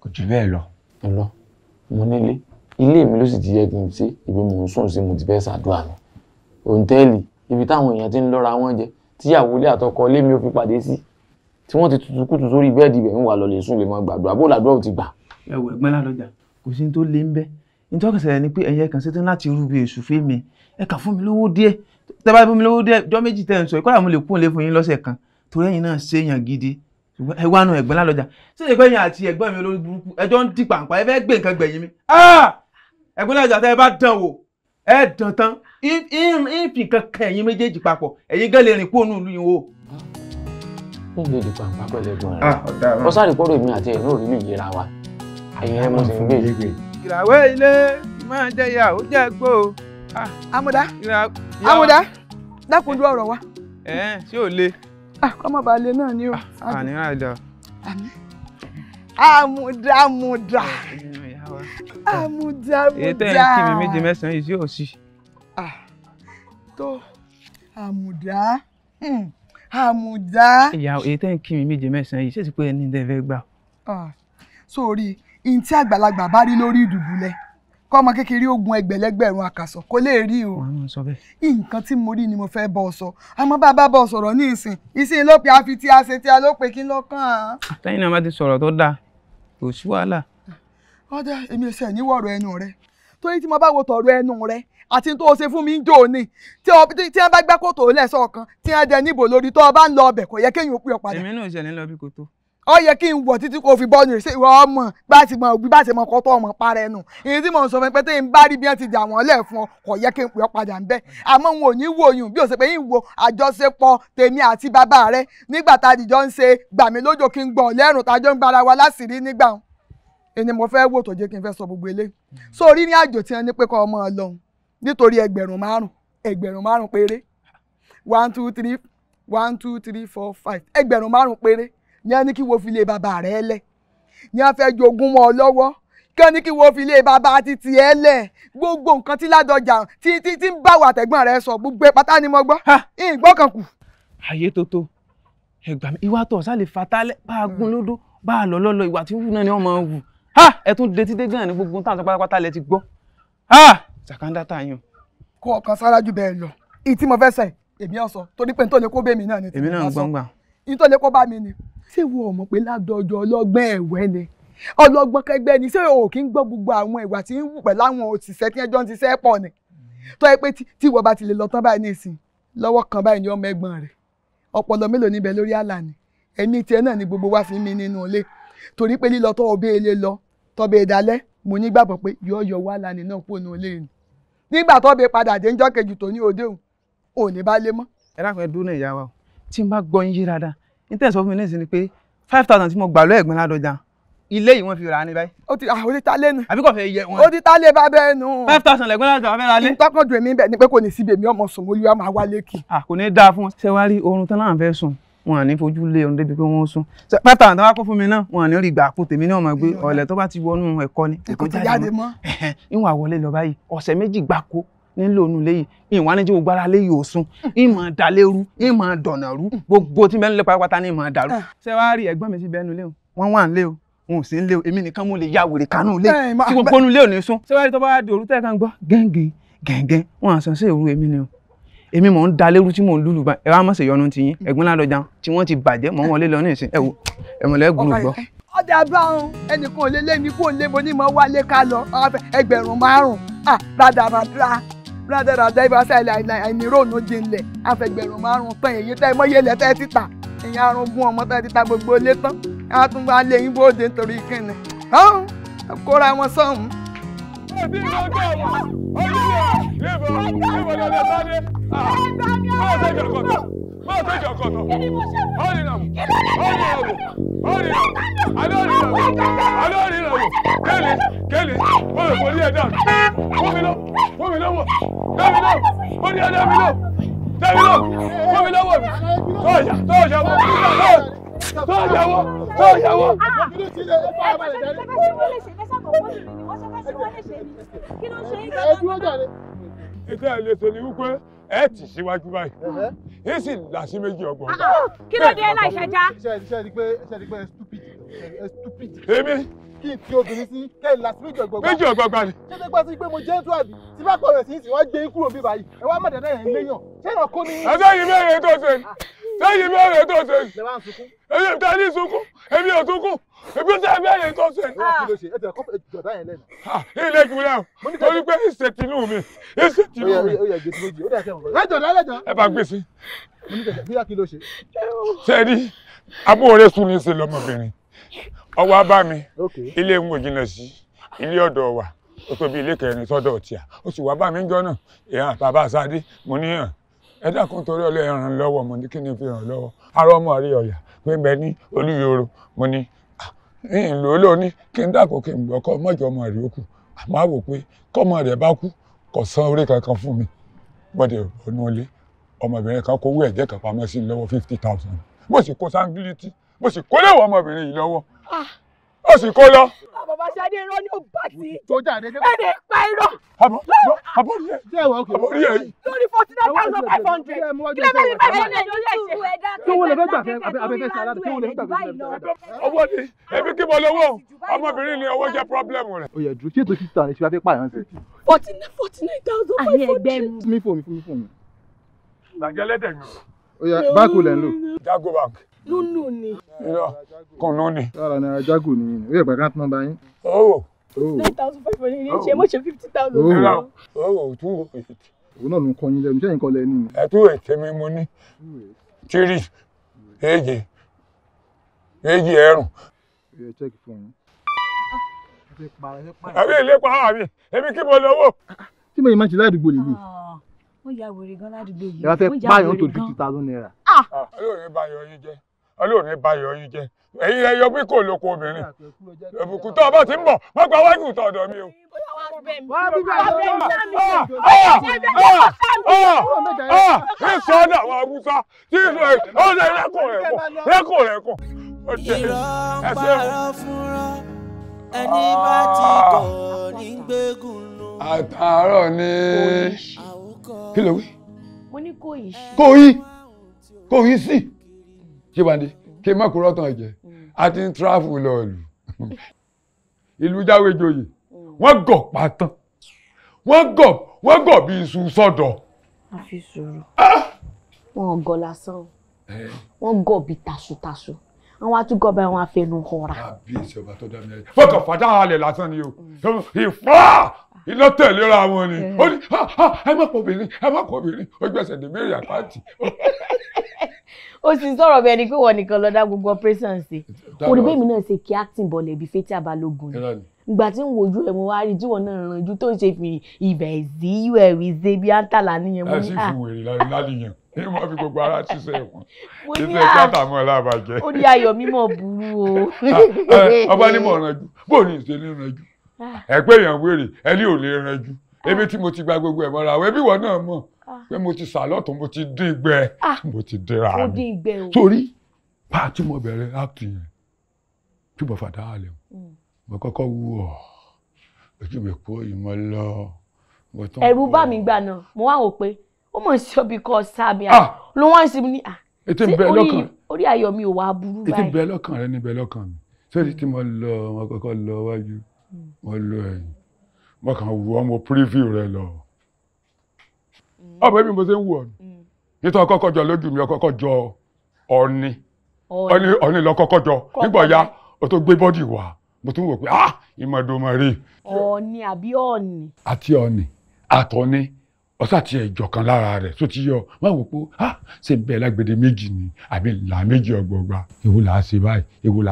kò jù bẹ́ẹ̀ lọ. ọlọ mo nílé ilé mi ló sì ti yẹ kí n ṣe ibi mò ń sùn sí mo ti fẹ́ ṣàdúrà mi òǹtẹ́ẹ̀lì ibi táwọn èèyàn ti ń lọ́ra wọn jẹ tíyàwó ilé àtọkọ ilé mi ò fi pàdé sí tí wọ́n ti tutù kùtù sórí bẹ́ẹ̀dì ibẹ̀ ń wà lọ lè sùn lè mọ gbàdúrà bó làdúrà ò ti gbà. ẹwẹ ẹgbẹ́ ládọjà. kò sí ní tó lé ń bẹ nítorí ṣẹlẹ̀ ni pé ẹ̀yẹ kan ṣetán láti rú bí èṣù fún mi ẹ kà fún mi lówó díẹ̀ tẹ́ fún mi lówó díẹ̀ jọ́ méjì tẹ́ ń sọ ìkọ́lá mo lè kún lé fún yín lọ́sẹ̀ kan torí ẹ̀yin náà ṣe èèyàn gidi ẹwà nu ẹ̀gbọ́n ládọjà ṣé ẹgbẹ́ yẹn àti ẹ̀gbọ́n mi olórí burúkú ẹjọ́ ń di pàǹpà ẹ fẹ́ gbé nǹkan gbẹ̀yìn mi ah! ẹ̀gbọ́n ládọjà tẹ́ ẹ bá dán wò ẹ dán tán ìfìkan kan ẹ̀yin méjèèjì papọ̀ ẹ̀yin gán lè kúrò ní ìlú yìí wò ní ìgbèdè pàǹpá pẹ̀lẹ́gùn rẹ̀ ó sáré kóró èmi àti ẹ̀ náà rí lè yẹra wa ayé ẹ mọ̀ sí ń gbé. ìràwé ilé máa jẹyà ó jẹ gbó. Ah, amúdá amúdá dákúndú ọ̀rọ̀ wa. ẹ ṣé ò le. ọmọ ah, balẹ̀ náà ni o. Ah, àní àdá. àmúdá àmúdá àmúdá àmúdá. èyí tẹ́ ẹ̀ ń kí mi méje mẹ́sàn-án yìí sí òsì. tó àmúdá àmùdá. ìyàwó èyí tẹ́ ń kí mi méje mẹ́sàn-án yìí ṣèṣì pé ẹni tẹ́ fẹ́ gbà. sórí ihun tí àgbàlagbà bá rí lórí ìdùbúlẹ̀ kọ́mọ kékeré ogun ẹgbẹ̀lẹ́gbẹ̀rún àkàsọ̀ kò lè rí o. nǹkan tí mo rí ni mo fẹ́ bọ́ ọ sọ àmọ́ bá a bá bọ́ ọ sọ̀rọ̀ ní ìsìn ìsìn ló pe àfi tí a ṣe tí a ló pe kí n lọ́kàn án. àtẹ̀yìn náà bá ti sọ̀rọ̀ tó dáa kò sí wàhálà. ọ̀dà èmi ò ṣe ẹ̀ níwọ̀rọ̀ ẹnu rẹ torí tí mo bá wo tọ̀rọ̀ ẹnu rẹ àti tó o ṣe fún mi ń jò ní tí wọ́n bá gbá kòtò lẹ́sọ̀ kan tí wọ́n dẹ níbò lórí tó o bá ń lọ ọbẹ̀ kò yẹ kéèyàn pè ọ́ padà. èmi náà ṣẹlẹ̀ lọ bí kò ó yẹ kí n wọ̀ títí kò fi bọ́ọ̀nù ṣe ìwọ ọmọ bá ti mọ òbí bá ti mọ ọkọ tó ọmọ para ẹnu èyí tí mò ń sọ fún ẹ pé tí n bá rí bí wọ́n ti dà wọ́n lẹ̀ fún ọ kò yẹ kí n pè ọ́ padà ńbẹ́ àmọ́ n ò ní wo oyún bí o ṣe pé yín wo àjọṣepọ̀ tèmi àti bàbá rẹ nígbà tá a dìjọ ń ṣe gbàmí lójó kí n gbọ̀ lẹ́rùn tá a jọ ń gbára wa láṣìírí nígbà ẹni mo fẹ́ wò tó jẹ́ kí n fẹ́ sọ gbogbo eléyìí sórí ní àjò tí wọ́n ní pé kọ́ ọmọ ọlọ́run nítorí ẹgbẹ̀rún márùn ẹgbẹ̀rún márùn péré one two three one two three four five ẹgbẹ̀rún márùn péré ni a kí wo fi lé bàbá rẹ lẹ̀ ni a fẹ́ jogún mọ́ ọ lọ́wọ́ kí a kí wo fi lé bàbá títí ẹ lẹ̀ gbogbo nǹkan tí ládọjà tí tí tí ń bá wà tẹ̀gbọ́n rẹ sọ gbogbo ẹ pátá ni mo gbọ́ ìgbọ́ kan kù. ayé tó ẹgbà mi ìwà tó ọ̀sá lè fatálẹ̀ bá a gún lódó bá a lọ lọ́lọ́ ìwà tí wù náà ni wọ́n máa wù ẹ tún detí dé gan ni gbogbo táwọn pátápátá lẹ ti gbọ́ ṣàkàndá tá a yàn. kó ọkàn sára ju bẹ́ẹ̀ lọ ìyí mo fẹ́ sẹ̀ èmi ọ̀sọ̀ torí pé nítorí kó bẹ́ẹ̀ mi náà ni. èmi náà ń gbọ́ngbà. nítorí kó bá mi ni. ṣé wo ọmọ pé ládọjọ ọlọ́gbọ́n ẹ̀wẹ́ ni ọlọ́gbọ́n kẹgbẹ́ ni ṣé o kì í gbọ́ gbogbo àwọn ìwà tí ń wù pẹ̀lú àwọn òṣìṣẹ́ tí ẹjọ́ ń ṣiṣẹ́ pọ̀ ni. tọ́ ẹ pé tí ìwọ bá ti lè lọ tán báyìí nísìn lọ́wọ́ kan báyìí ni ọmọ ẹ̀gbọ́n rẹ̀ ọpọlọ mélòó níbẹ̀ lórí àlà ni ẹ̀mí tiẹ̀ náà ni gbogbo wa fi ń mi nínú ilé torí pé lílọ tọ́ ọbẹ̀ ilé lọ tọ́bẹ̀ ìdálẹ́ mo nígbàgbọ́ pé yọ̀ọ́yọ̀ wà lánìí náà kúrò nínú ilé ni nígbà tó bẹ padà dé ńjọ́ kejì tó ní òde òun òní bá lé mọ́. ẹ dákun ẹ dúró náà ìyá wa o tí n bá gbọ́ yín yé dáadáa ní tẹ̀sán fún mi lẹ́sìn ni pé five thousand tí mo gbà lọ́ ẹ̀gbọ́n ládọjà ilé yìí wọ́n fi rà á ní báyìí. o ti o nu. àbí fẹ́ yẹ wọn. o ti ta lé nu. five thousand lẹ́gbẹ́ láti àwọn fẹ́ra lé. ìtọ́kàn dùn mí ni pé kò ní síbi èmi ọmọ sùn mo lu ọmọ àwa lékì. à kò ní dáa fún wọn. ṣé wàá rí oorun tán láwọn fẹ́ sùn wọn à ní fojú lé ohun débi pé wọ́n sún pátá àtàwọn akó fún mi náà wọn à ní rí gbà kó tèmi náà mọ̀ pé ọ̀lẹ̀ tó bá ti wọnú ẹ̀kọ́ ni kò jáde mọ́ ìwọ̀n àwọlé lọ báyìí ọ̀sẹ̀ méjì gbáko nílò ònú léyìí ìwọ̀n á ní jẹ́ gbára léyìí òsun ìmọ̀ dalérú ìmọ̀ dọ̀nàrú gbogbo tí bẹ́ẹ̀ ń lé pátápátá ní ìmọ̀ dàrú. ṣé wàá rí ẹ̀gbọ́n mi sí bẹ́ẹ̀ nulẹ̀ o wọ́n wà ń lé o wọn ò sí ń lé o èmi nìkan mo lè ya wèrè kanú lé tí gbogbo nulẹ̀ ò ní sún. ṣé wàá rí tó bá di òrùtẹ́ kan gbọ́ gẹ́ngẹ́ gẹ́ngẹ́ wọn àṣọ sí òru èmi ni o èmi mò ń da lérú tí mò ń lùlù báyìí ẹ wá mọ̀sẹ̀ yọnu ti yín ẹ̀gbọ́n ládọjà tí wọ́n ti bàjẹ́ mọ̀ wọlé lọ nísìn ẹ wò ẹ̀mọ̀lẹ́ gbùrù gbọ́. ọ̀dà báwọn ẹnìkan ò lé lẹ́mi kó lé mo ní mo wálé ká lọ ẹgbẹ̀rún márùn-ún rádaràdà rádaràdà ìbáṣà ilẹ̀ àìníròònù jinlẹ̀ afẹgbẹ̀rún márùn-ún tán èyí tẹ́ mọ́yẹ́lẹ̀ tẹ́ títà èyí arúgbó ọmọ tẹ́ títà gbogbo lé tán àtúngbà bóde nítorí kíni sí ìlú ọjọ́ ọ̀mọ̀ onílé ìbò ìbò lọ́dẹ sáré máa ṣe jọ̀kọ̀tọ̀ máa ṣe jọ̀kọ̀tọ̀ ọ̀rìnàmù ọ̀rìnàmù ọ̀rìnàmù alórìnàmù alórìnàmù kéle kéle wọ́n èkó ní ẹ̀dá fúnmi lọ fúnmi lọ́wọ́ dẹ́mi lọ ó ní ẹ̀dá mi lọ dẹ́mi lọ fúnmi lọ́wọ́ mi tọ́ọ̀yà tọ́ọ̀yà wọ́n tọ́ọ̀yà wọ́n tọ́ọ̀yà wọ́n ìtẹ́ ẹ̀ lè sọ ni wípé ẹ tì síwájú báyìí ẹ sì là sí méjì ọgbọ̀n. kí ló dé láì ṣẹjá. ṣe ẹni pé ṣe ẹni pé stupid stupid. èmi. kí n ti obìnrin sí kẹ́ ẹ̀ là sí méjì méjì ọgbọ̀n gbani. ṣé ṣe pé pé mo jẹ́ tó àbí tí bá kọ̀ rẹ̀ sí ìsìn wá gbé kúrò bí báyìí ẹ wá mọ̀dẹ́dẹ́ yẹn léyàn ṣé ìrọ̀kọ́ ni. ẹ lẹ́yìn mẹ́rin tó ṣe èyí tẹ́ ní sunkún èmi ò sunkún èmi tẹ́ mẹ́rin tó ṣe. ilé ìgbìmọ̀ náà torí pé ìṣètìlú mi ìṣètìlú mi. lẹ́jọ̀dá lẹ́jọ̀. ẹ bá gbèsè. sẹ́ni abóore sùn ní í ṣe lọ́mọbìnrin ọwọ́ bá mi ilé ń wò jìnnà sí ilé ọ̀dọ̀ wa ó tóbi ilé kẹrin sọ́dọ̀ ọ̀tíà ó sì wá bá mi jọ náà ìhàn bàbá sáadé mo níyàn ẹ dákun torí ọlọ ẹ ràn lọ́wọ́ mo ní kí ni fi ràn lọ́wọ́ ará ọmọ rí ọyà pé bẹ ní olúyòrò mo ní ah, ìlú olóòní kí n dákun kí n gbọ́ kọ mọjọ ọmọ rẹ ó kù àmọ́ àwò pé kọmọ rẹ bá kú kò san orí kankan fún mi gbọ́dọ̀ ọnú ilé ọmọbìnrin kan kó owó ẹ̀jẹ̀ kan pamọ́ sí lọ́wọ́ fifty thousand bó sì kó sáńgílítì bó sì kó léwọ ọmọbìnrin yìí lọ́wọ́. Ah, sì kó lọ. bàbá irọ́ ni ó bá ti ẹni pa irọ́. àbórí ẹ àbórí ẹ yìí. lórí forty nine thousand five hundred kílẹ̀ bẹ́ẹ̀ ni bẹ́ẹ̀ ni ẹ̀yọ́ lè ṣe. kí wọ́n lè fẹ́ gbà fẹ́ abẹ́fẹ́ sara kí wọ́n lè fẹ́ gbà fẹ́. ọwọ́ ni ẹbí kí mo lówó ọmọbìnrin ni owó jẹ́ pọ́blẹ́mù rẹ̀. ó dúró ṣé ètò títà ni ṣe fẹ́ lúlù ni. irọ́ kùnú ni. yàrá náírà jágò ni ó yẹ pẹ̀lú àtúntàn bá yín. owó. nine thousand five hundred ní ṣe mo ṣe fifty thousand. owó owó two eight. òun náà ló ń kọ yín lẹ́nu sẹ́yìn kọ́ lẹ́nu ni. ẹ two eight mi mo ní three èjì èjì ẹ̀rùn. ẹ ṣẹ́ẹ̀kì fún mi. àbí ilé pa àbí èmi kí mo lówó. tí mo yẹ máa ń ṣe ládùúgbò lè lè wọ́n ah, ya wèrè gan ládùúgbò yìí. ẹ wá fẹ́ báyọ̀ tó ju two thousand naira. Ah. olóòrè báyọ̀ yín jẹ́ ọlọ́run ní báyọ̀ yín jẹ́ èyí rẹ yọ bí kò lóko obìnrin ẹ̀bùkún tó ọba ti ń bọ̀ má gba wájú tó ọ̀dọ̀ mi o. kí n sọ ọ́dọ̀ àwọn arúgbó tí ìlú ẹ̀ ọ̀dọ̀ rẹ́kọ̀ rẹ́kọ̀ rẹ́kọ̀ rẹ́kọ̀ ọ̀dẹ̀ ẹ̀sẹ̀ ẹni bá ti kọ̀ ní gbẹ́gùn lọ. àtàárọ̀ ni kí ló wí. mo ní kò yí. kò yí kò yí sí ṣé bandi mm. kí n má kúrò tán jẹ mm. a ti ń tíráfù lọ lù ìlú jáwéjoyè mm. wọ́n gọ̀ pátán wọ́n gọ̀ wọ́n gọ̀ bí iṣu sọ̀dọ̀. a fi sùúrù ah! wọn gọ̀ lásán eh? wọn gọ̀ bí tasutasu àwọn atúgọ̀ bá wọn afẹnu họra. kábíyèsí ah, ọba tó dá mi ayé fọkàn fàdá halẹ̀ lásán ni o ìfọ́ iná tẹ̀léra wọn ni eh. ó ní ẹ má kọ̀ obìnrin ẹ má kọ̀ obìnrin ó gbẹ̀sẹ̀ dèmí ìyàpá tì o sì sọ̀rọ̀ bẹ́ẹ̀ ni pé wọ́n nìkan lọ́dá gbogbo operation ṣe olùgbé mi náà ṣe kí acting bọ̀ lẹ́bi fetí abalógun ni ìgbà tí ń wojú ẹ̀ mo wá rí tí wọ́n náà ranjú tó ṣe fi ìbẹ̀ sí ìwẹ̀wì ṣe bí áńtàlà níyẹn mo ní à. ẹ sì ah. fi wèrè lánìyàn ní mo fi gbogbo ara ṣiṣẹ́ a ṣiṣẹ́ tíátà mọ́ ẹ lábàjẹ́. ó ní ayọ̀ mímọ̀ burú o. Ah, ah, ọba ní mọ̀ ranjú bó ní ìṣe ní ranjú ẹ pé èèyàn wèrè ẹ ní ò lè ranjú ebi tí mo ti gba gbogbo ẹ̀ mọ́ra ẹbí wọn náà mọ̀ pé mo ti sàlọ́tọ̀ mo ti dín gbẹ ah! mo ti dira mi torí bá a ti mọ bẹ̀rẹ̀ áàpù yẹn tí mo fàdá àlẹ́ hmm. mo kọ́kọ́ wú ọ̀ ojú mi kú ìmọ̀ lọ. ẹ̀rù bá mi gbà náà mo wá wò pé ó mọ̀ sí ọbì kan sáàmì à ah! ló wá sí mi ní à orí ayọ̀ mi ò wá burú báyìí. ètò ìbẹ̀ lọ́kàn rẹ ní ìbẹ̀ lọ́kàn mi sẹ́ẹ̀dì tí mo lọ mo kọ́kọ́ lọ wájú hmm. mo lọ ẹ̀yìn mo kàn wú ọmọ preview rẹ lọ. Mm. ọbẹ̀ mi mo ṣe ń wù ọ̀nì mm. nítorí ọkọ̀kọ̀ jọ lójú mi ọkọ̀kọ̀ jọ ọ̀nì ọ̀nì ọ̀nì lọ́kọ̀kọ̀ jọ nígbà ya o tó gbé bọ́dì wá mo tún wò pé ah ìmọ̀dọ̀mọ̀ rè. ọ̀nì àbí ọ̀nì. àti ọ̀nì àtọ̀ni ọ̀sà tí ẹ̀jọ̀ kan lára rẹ̀ tó ti yọ wọ́n wò pé ah ṣe bẹ́ẹ̀ lágbède méjì ni àbí là méjì ọgbọọgba èwo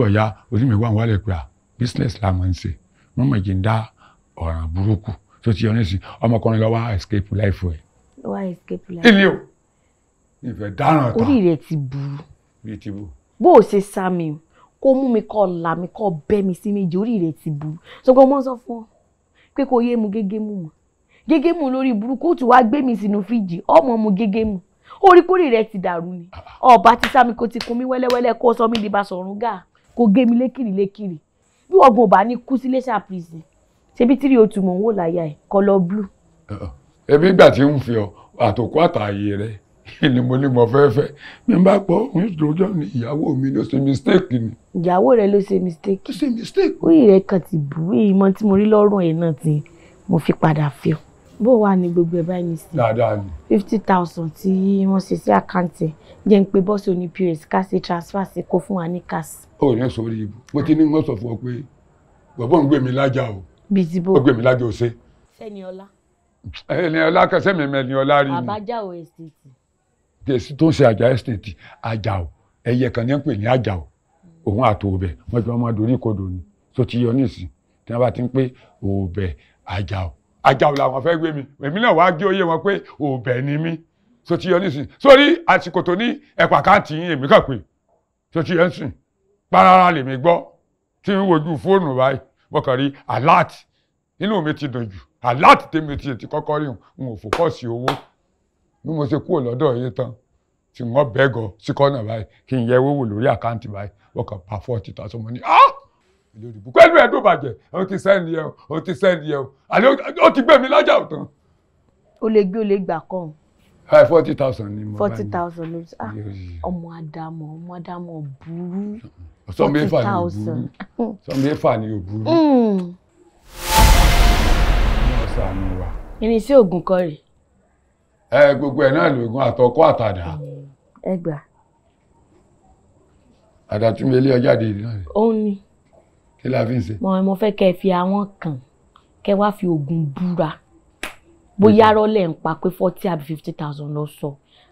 là ya onímọ̀ ìwà wálẹ̀ pé ah, business la máa ń ṣe mọ́mọ́ ìjì tó ti yọ nísìn ọmọkùnrin lọ wá escape life ẹ. wá escape life. ilé o ìfẹ́ dáràn tán. orí rẹ̀ ti bu. bí ti bu. bó o ṣe sá mi kó mú mi kọ́ là mí kọ́ bẹ́ mi sí méjì orí rẹ̀ ti bu sọgbọ́n mọ́ sọ fún ọ pé kò yé mu gégé mu mọ́ gégé mu lórí burúkú tó wá gbé mi sínú fíjì ọmọ mu gégé mu orí kórè rẹ̀ ti dàrú ni ọba ti sá mi kó ti kun mí wẹ́lẹ́wẹ́lẹ́ kó sọ mí di basọ̀rùn gà kó gé mi lékiri lékiri bí ọgbọ̀n ọba ní kú sílé ṣàpìsì ṣebí tírí oh o tù mọ̀ ń láyà ẹ̀ kọ́lọ́ blue. Uh-uh. ẹbí ìgbà tí ń fi ọ àtòkù àtàyè rẹ ni mo ní mo fẹ́ fẹ́ mi bá pọ̀ ń dojọ́ ni ìyàwó mi ló ṣe mistake ni. ìyàwó rẹ ló ṣe mistake. ló ṣe mistake. ó yìí rẹ kàn ti bù ú ìmọ̀ tí mo rí lọ́rùn ẹ̀ náà ti mo fi padà fi ọ. bó wà ní gbogbo ẹ̀ báyìí nìsín. dáadáa ni. fifty thousand tí wọ́n ṣe sí àkáǹtì ẹ̀ jẹ́ ń pe bọ́ọ̀sì oní pos ká ṣe transfer sí kó fún wa ní cash. ó yẹn sọ rí ibu bó ti ní wọ́n sọ fún ọ pé bàbá òun gbé mi lájà o bíi ti bò. ó gbèmí lájọ òsè. sẹ́niọlá. ẹniọlá kẹsẹ́ mi mẹ́niọlá rí ni. àbájáò estate. tèsí tó ń ṣe àjà estate àjàò ẹyẹ kan ní ń pè ní àjàò òun àtòòbẹ wọn jọ ọmọ dorí kodò ni tó ti yọ nísìn tí wọn bá ti ń pè òòbẹ àjàò àjàò làwọn fẹ́ gbé mi èmi náà wàá gé oyé wọn pé òòbẹ ni mí tó ti yọ nísìn sórí àsìkò tó ní ẹ̀pà káàtì yín èmi kàn pé tó ti yọ nísìn pàràrà lèmi gbọ́ tí ń wojú fóònù báyìí mo rí alert inú mi ti dùn jù alert tèmi ti ti kọ́kọ́ rí n ò fòkọ́sì owó bí mo ṣe kúrò lọ́dọ̀ yìí tán tí wọ́n bẹ́gọ̀ sí kọ́nà báyìí kí n yẹ owó wò lórí àkáǹtì báyìí wọ́n pa forty thousand money ah lórí ibùkún pẹ̀lú ẹ̀dùn bàjẹ́ o ti sẹ́ni yẹ o o ti sẹ́ni yẹ o àlẹ́ o ti gbé mi lọ́jà ọ̀tàn. o lè gbé o lè gbà kọ́ five forty thousand ni mo bá ní. forty thousand ọmọ adamu ọmọ adamu burú sọmẹ́fà ni òbúrú sọmẹ́fà you òbúrú ní ọ̀sán hmm. àánú wa. irinṣẹ́ oògùn kọ́ rè. ẹ gbogbo ẹ̀ náà lóògùn àtọkọ́ àtàdá. ẹ gbà. àdàtúmí ilé ọjà dèrè náà ni. òun ni. kí la fi ń mo mo fẹ́ kẹ́ ẹ fi àwọn kan kẹ́ wá fi oògùn búra Bo rọ́lẹ̀ ń pa pé forty àbí fifty thousand lọ sọ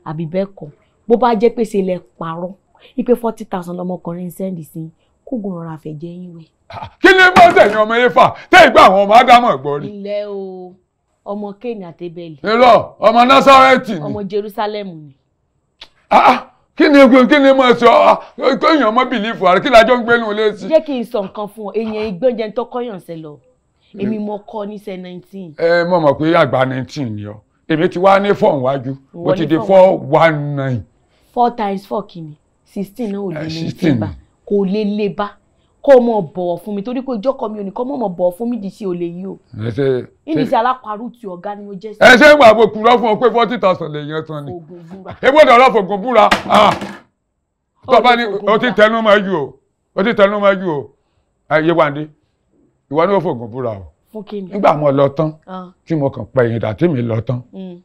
àbí bẹ́ẹ̀ kọ́ bó bá jẹ́ pé ṣe lẹ parọ́ ipe forty thousand lọmọkùnrin sẹ́ndì sí kógun rọra fẹ̀jẹ̀ yín wẹ̀. Ah, kí ni bá tẹ̀yìn ọmọ yẹn fà tẹ́ ìgbà àwọn ọmọ ádámọ̀ gbọ́ rí. ilẹ̀ o ọmọ kéènì àtẹ́bẹ̀lì. irọ́ ọmọ násárẹ́tì ni. ọmọ jerúsálẹ́mù ni. Ah, ah, kí ni kí ni mo sọ kéèyàn ọmọ bìlífù àrẹ kí lájọ ń gbénu létí. jẹ́ kí n sọ nǹkan fún ọ èèyàn ìgbọ́njẹ tó kọ́yàn sẹ lọ èmi mm. mo kọ́ níṣẹ́ nineteen. ẹ mọ̀ mọ̀ pé àgbà nineteen ni ọ èmi ti wá ní fọ́ọ̀n wájú mo ti di four one nine. four times four kìíní sixteen náà ò lè ní ti bá kò lè lè bá kó o mọ̀ bọ̀wọ̀ fún mi torí pé ìjọ́kọ̀ mi ò ní kọ́ mọ̀ mọ̀ fún mi di sí olè yìí o. ìní sí alápàrù ti ọ̀gá ni mo jẹ́ sí. ẹ ṣé ìgbà àbò kúrọ́ fún ọ pé forty thousand lè yan tán ni. oògùn búra. ebóde ọlọ́fọ̀ oògùn búra ah. tọ́ba ni o ti tẹnu mọ́ ju o o ti tẹnu mọ́ ju o ayé wande ìwọ ni o fò oògùn búra o. fún kí ni. nígbà mo lọ tán ah. tí mo kàn pa ìyìndà tí mi lọ tán hmm.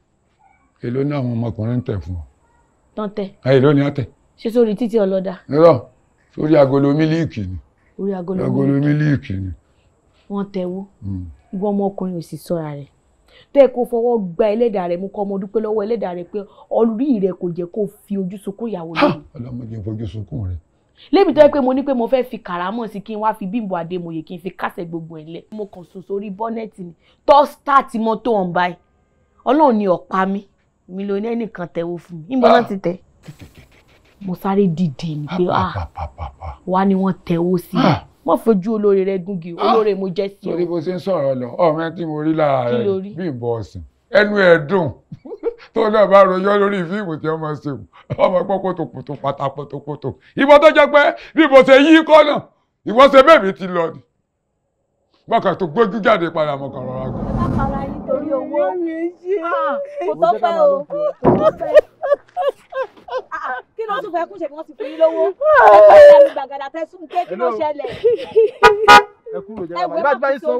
èló ni àwọn ọmọkùnrin tẹ̀ fún ọ. tán tẹ̀. Eh, èló ni wọ́n ṣé sórí títí ọlọ́dà. rírọ̀ sórí agolo mílíìkì ni. orí agolo mílíìkì ni. wọ́n tẹ̀wó hmm. ìwọ ọmọkùnrin ò sì sọ́ra rẹ̀ tó yẹ kó fọwọ́ gba ẹlẹ́dàá rẹ̀ mú kọ́ ọmọ dúpẹ́ lọ́wọ́ ẹlẹ́dàá rẹ̀ pé orí rẹ̀ kò jẹ́ kó fi ojú sunkún ìyàwó rẹ̀. ọlọ́mọ jẹ́ fojú sunkún rẹ̀ lébi tó yẹ pé mo ní pé mo fẹ́ fi kàrámọ̀ sí kí n wá fi bímbọ àdèmòye kí n fi kásẹ̀ gbogbo ẹ̀ lẹ̀. mo kàn sùn sórí bọ́nẹ́ẹ̀tì ni tó stáàtì mọ́tò ọ̀hún báyìí ọlọ́run ni ọ̀pá mi mi ló ní ẹnìkan ah! tẹ̀wọ́ mo sáré dìde ní pé ah, wá ni wọ́n tẹ̀wọ́ sí i wọ́n fojú olóore rẹ gúngi olóore mo jẹ́ sí i. torí bó ṣe ń sọ̀rọ̀ lọ ọmọ tí mo rí lára rẹ bí ìbọn ọ̀sìn ẹnu ẹ̀ dùn tó náà bá rojọ́ lórí fíìmù tí ọmọ ṣe ọmọ pọ́ kótókótó pátá pótópótó ìbọn tó jẹ́ pé bí mo ṣe yí kọ́nà ìwọ́n ṣe bẹ́ẹ̀ mi ti lọ ni bákan tó gbójú jáde padà mọ̀kàn rọra gùn. lákàrà nítorí owó ah, kò tó fẹ́ kí ló tún fẹ́ kún ṣe bí wọ́n ti fún yín lówó ẹ̀ka ìlànà gbàgàdà tẹ́ sún ké kí ló ṣẹlẹ̀ ẹ kúrò jẹ́ bàbá ìbá ti bá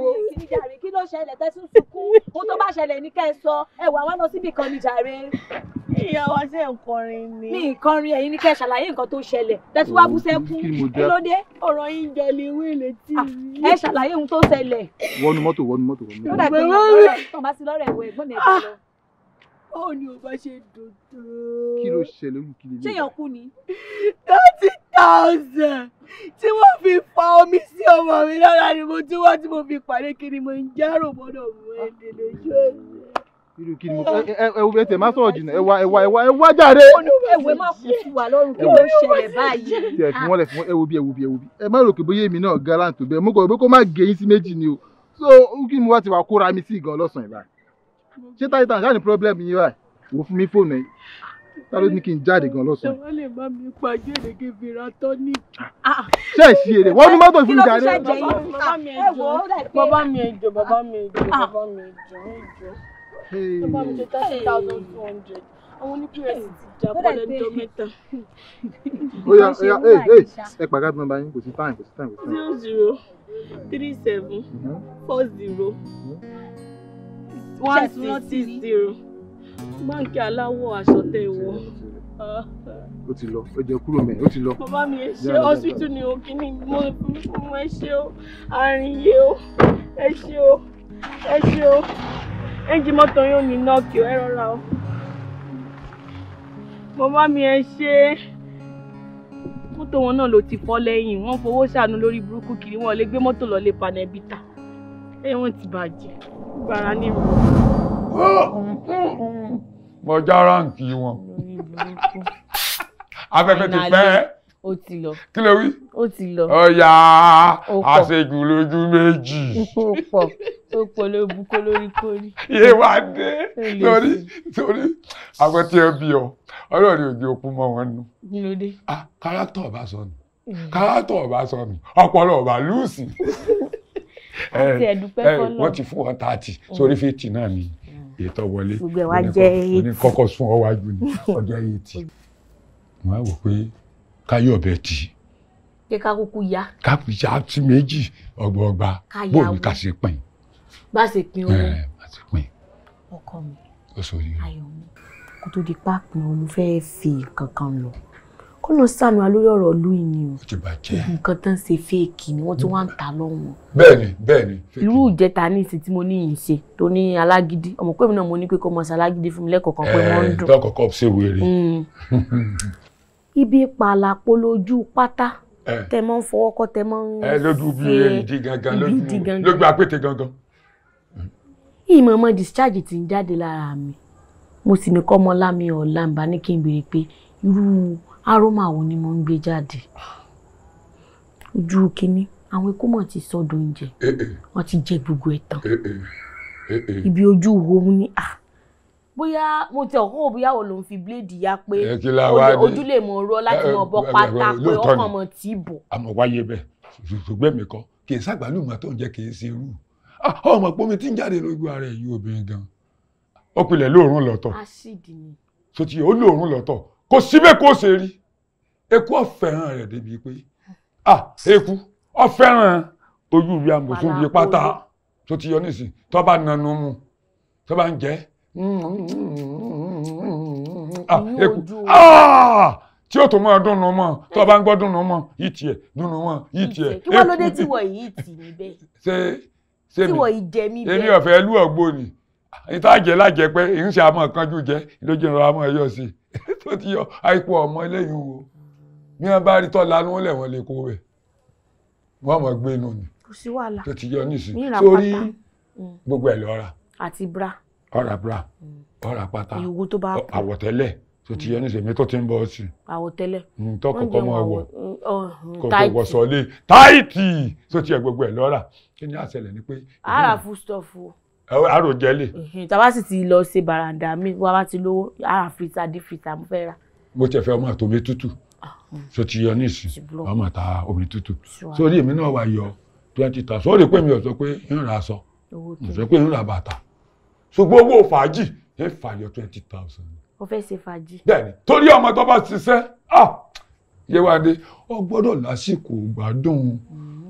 yín kí ló ṣẹlẹ̀ tẹ́ sún sunkún ohun tó bá ṣẹlẹ̀ ní kẹ́ ẹ wà wá lọ síbi kan ní jàre. ìyá wa ṣe nkọrin ni. ní nkọrin ẹ̀yin ní kẹ́ ẹ nǹkan tó ṣẹlẹ̀ tẹ́tí wá bú sẹ́kún kí ọ̀rọ̀ yín jẹ lè wí létí. Ah, ẹ ṣàlàyé ohun tó ṣẹlẹ̀. wọnú mọ́tò wọnú mọ́tò wọnú mọ́tò ó ní o bá ṣe dòdò. kí ló ṣẹlẹ̀ olú kí lè lè. ṣéyàn kú ni. thirty thousand tí wọ́n fi fa omi sí ọmọ mi lára ni mo tún wá tí mo fi pàdé kiri mo ń járò mọ́dọ̀ mú ẹ̀dẹ̀ lójú ẹ̀dẹ̀. irú kí ni mo ẹ ẹ ẹ tẹ̀ má sọ̀rọ̀ jìnnà ẹ wá ẹ wá ẹ wá ẹ wá jàre. ẹwẹ má kú sí wa lọ́rùn kí ló ṣẹlẹ̀ báyìí. tí ẹ fún wọn lẹ fún ẹ wo bí ẹ wo bí ẹ wo bí ẹ má rò pé bóyá èmi náà gallant tó bẹ́ẹ̀ mo kọ̀ pé kó má gé yín sí méjì ni o so kí ni mo wá ti wá kóra mi sí ìgan ọlọ́sàn ìbáyìí ṣé titan ṣáà ní problem yìí wà wò fún mi fóònù ẹ ta ló ní kí n jáde gan lọ́sàn. ṣé wọ́n lè bá mi pàjẹ́ èdèké vera tonic. ṣé ẹ ṣe èrè wọ́n mú mọ́tò ìfúnni jáde. bàbá mi ẹjọ bàbá mi ah, ẹjọ bàbá mi ẹjọ ẹjọ ah. bàbá mi ẹjọ thirty thousand two hundred àwọn ní pọ́s ti jà bọ́lẹ̀ ọjọ́ mẹ́ta. oya oya ee ee ẹ pàgá bí wọn bá yín kò sí time kò sí time kò sí time. zero zero three seven mm-hmm. four zero. Mm-hmm one two, three, zero báńkì aláwọ̀ aṣọ tẹ ìwọ. ó ti lọ ó jẹ kúrò mẹ ó ti lọ. bàbá mi ẹ ṣe hospital ni o kíní mo mo ẹ ṣe o àárín yìí o ẹ ṣe o ẹ ṣe o ẹnjì mọ́tò yóò ní nọ́ọ̀kì ẹ rọra o. bàbá mi ẹ ṣe mọ́tò wọn náà ló ti fọ́ lẹ́yìn wọ́n fowó ṣàánú lórí burúkú kiri wọn lè gbé mọ́tò lọ lè panẹ́bítà ẹ wọ́n ti bàjẹ́ gbàrà ní ìwọ. mo já ráǹkì wọn afẹ́fẹ́ ti fẹ́ kí ló wí ọ̀yà àṣejù lójú méjì ó pọ̀ ó pọ̀ lórí kórí. iye ọ ọlọ́ọ̀ni òjò òkú mọ wọn nù. kárátọ̀ ah, ọba sọnù kárátọ̀ ọba sọnù ọpọlọ ọba lùsì wọ́n ti fún wọn thirty sórí fifty náà ni mm. ètò wọlé oní kọ́kọ́ sún ọ wájú ní ọjọ́ eighty wọ́n á wò pé káyọ̀ bẹ́ẹ̀ tì í pé ká kúkú ya. ká kú ya ti méjì ọgbọọgba bó mi ká ṣe pin. bá ṣe pin owó ẹ bá ṣe pin. ọkọ mi ayọ̀ mi kó tó di páàpù olùfẹ́ fi kankan lọ kó lọ sànù wa lórí ọ̀rọ̀ ìlú yìí ni o. ó ti bàjẹ́. nǹkan tán ṣe fẹ́ẹ̀kì ni wọ́n ti wá ń ta lọ́wọ́. bẹ́ẹ̀ni bẹ́ẹ̀ni. irú ìjẹta ní ìsìn tí mo ní yìí ṣe tó ní alágídí ọmọ pé mi náà mo ní pé kó mọ ṣalágídí fún mi lẹ́kọ̀ọ̀kan pé wọ́n ń eh, dùn. ẹ̀ẹ́dọ́ kọ̀ọ̀kan ṣe wèrè. ibi pàlàpọ̀ lójú pátá eh. tẹ mọ́ ń fọwọ́ kọ́ tẹ mọ́ ń ṣe eh, lójú bí ìdí gangan lójú apètè gangan. ìmọ̀ ọmọ discharge ti ń jáde lára mi mo sì ní kọ́ ọmọ lámì ọ̀la ń bá ní kí n béèrè pé irú aroma wo ni mo ń gbé jáde ojú kínní àwọn ikú mọ̀ ti sọ́dọ̀ oúnjẹ eh, eh. wọ́n ti jẹ gbogbo ẹ̀ eh, ibi ojú wo ni à ah! bóyá mo tẹ ọkọ bóyá o ló ń fi bíléèdì ya pé ojú lè mọ rọ láti mọ bọ pátá pé ọkàn mọ tí bọ. àmọ́ wáyé bẹ́ẹ̀ ṣùgbọ́n mi kọ́ kì í ṣàgbálùmọ̀ tó ń jẹ́ kì í ṣe irú ọmọ ah, pọ́nmi tí ń jáde lójú ara ẹ̀yìn obìnrin gan-an ó pilẹ̀ lóòrùn lọ́tọ̀ sotí ó lóòrùn lọ́tọ̀ kò síbẹ̀ kò ṣe rí eku ọ̀fẹ́ràn rẹ̀ débi pé ah eku ọ̀fẹ́ràn ojú ìwé àmọ̀sùn bíi pátá tó ti yọ nísìn tó bá nanu mu tó bá ń jẹ́ ah eku ah tí ó tó mọ́ dùnnú mọ́ tó bá ń gbọ́ dùnnú mọ́ yìí tiẹ̀ dùnnú mọ́ yìí tiẹ̀. kí wọ́n ló dé tí wọ́n yìí tì mí bẹ́ẹ̀. ṣé ṣé mi tí wọ́n yìí jẹ mí bẹ́ẹ̀. èmi ọ̀fẹ́ lú ọ̀gbọ́n ni ìtajẹ́ lájẹ pé ìrìnsẹ̀ àmọ́ kanjú jẹ́ lójú ìrora àmọ́ ẹ̀yọ́ sí i. tó ti yọ àìpọ ọmọ eléyìí wo bí wọn bá rí tọ́lá ni wọn lẹ̀ wọn lè kó bẹ̀ wọn mọ̀ gbé inú ni kò sí wàhálà tó ti yọ nísìnyí sórí mm. gbogbo ẹ̀ lọ́ra àti bra ọ̀rà bra mm. ọ̀rà pátá ìwò tó bá kù àwọ̀tẹ́lẹ̀ tó ti yọ mm. nísìnyí tó ti ń bọ̀ sí. àwọ̀tẹ́lẹ̀ tó kọ̀kọ́ máa wọ̀ kọ̀kọ́ sọ̀lé táìtì tó ti yọ gbogbo ẹ̀ lọ́ra kí ni àṣẹlẹ̀ ni pé. ara foodstuff o àròjẹlè. tàbá sì ti lọ ṣe bàràǹdà mi wá bá ti lówó ara fita di fita mo fẹ́ ra. mo tẹ̀ fẹ́ ọmọ àtòmí tútù so ti yọ ní ìsìn ọmọ ta omi tútù ah, mm. sórí èmi náà wà yọ twenty thousand sórí pé mi ò sọ pé ń ra aṣọ mo sọ pé ń ra bàtà ṣùgbọ́n owó fàájì ń fàyọ twenty thousand. o fẹ́ ṣe fàájì. bẹ́ẹ̀ni torí ọmọ tó bá ṣiṣẹ́ Yéwándé ọ gbọ́dọ̀ lásìkò gbádùn mm.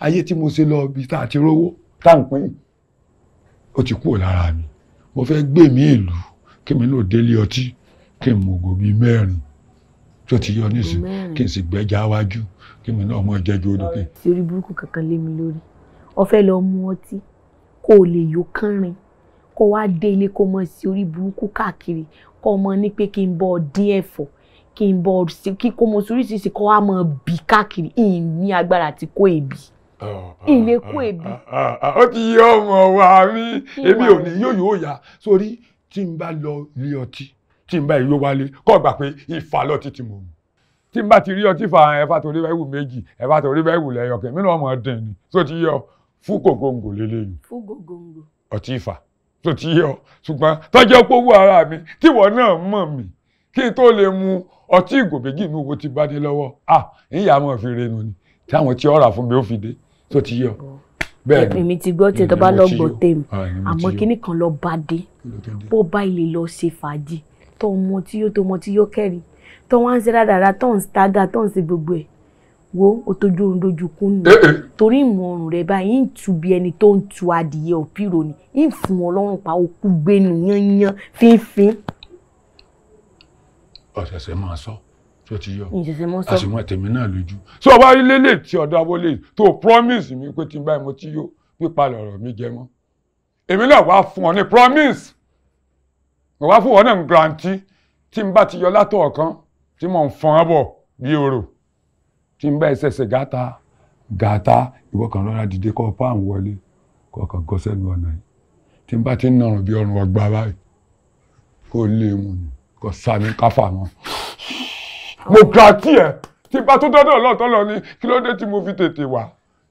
ayé tí mo ṣe lọ bí tá a ti rówó tá à ń pín yìí ó ti kúrò lára mi mo fẹ́ gbé mi ìlú kí mi náà délé ọtí kí n mọ̀gò bíi mẹ́rin tó ti yọ nísìn kí n sì gbẹ́jà wájú kí mi náà mọ̀ jẹ́jú olókè. ti orí burúkú kankan lé mi lórí ó fẹ́ lọ mu ọtí kó o lè yó kánrin kó wá dé ilé kó mọ sí orí burúkú káàkiri kó o mọ ní pé kí n bọ dín ẹ̀fọ́ kí n bọ kí kó mo soríṣiríṣi kó wá mọ bì káàkiri ìní agbára àti kó èbì ìlé kó ebi. ó ti yí ọmọ wa mi èmi ò ní yóò yóò yá sórí tí n bá lọ lé ọtí tí n bá yóò wálé kọ́ gbà pé ìfà ti mọ̀ mi tí n bá ti rí ọtí fa ẹ̀fà torí bá ìwù méjì ẹ̀fà torí bá ìwù lẹ́yọkẹ́ mi náà mọ̀ dẹ̀ ni tó ti yọ fún gògóńgò lélẹ́yìn ọtí ìfà tó ti yọ ṣùgbọ́n tọ́jú ọpọ́ owó ara mi tíwọ́ náà mọ̀ mi kí n tó lè mu ọtí ìgò méjì inú owó ti bá dé lọ́wọ́ ah ìyá mọ̀ fi renu ni táwọn tí ọ̀rà fún mi ó fi dé tó ti yọ bẹ́ẹ̀ ni èmi ti gbọ́ tí tó bá lọ gbọ́ tèmi ah, àmọ́ kínní kan lọ bá dé bó bá ilé lọ ṣe fàájì tó mọ tí yóò tó mọ tí yóò kẹ́rin tó wá ń ṣe dáadáa tó ń ṣàgà tó ń ṣe gbogbo ẹ̀ wo o tójú orun dojú kún ni eh, eh. torí ìmọ̀ràn rẹ̀ báyìí ń tu bí ẹni tó ń tu adìyẹ òpìrò ni ń fún ọlọ́run pa okú gbénu yányán fínfín. ọ̀sẹ̀sẹ̀ máa sọ. So tó ti yọ àsìmọ́ tèmi náà lójú sọ wá ilé lè tí ọ̀dọ̀ abọ́lé tó promise mi pé tí n báyìí mo ti yó pípa lọ̀rọ̀ mi jẹ mọ́ èmi náà wá fún ọ ní promise mo wá fún ọ náà ń garanti tí n bá ti yọ látọ̀ ọ̀kan tí mo ń fọn ọ bọ̀ bí orò tí n bá ẹsẹ̀sẹ̀ gàtà gàtà ìwọ kan lọ́ra dìde kọ́ pa àwọn wọlé kọ́ kan gọ́ sẹ́nu ọ̀nà yìí tí n bá ti ń nàrùn bí ọrùn ọgbà báyìí kó lé e mu kó sá káfà mọ́ mo ga tiẹ̀ tí bá tó dọ́dọ̀ lọ́tọ́ lọ ni kí ló dé tí mo fi tètè wá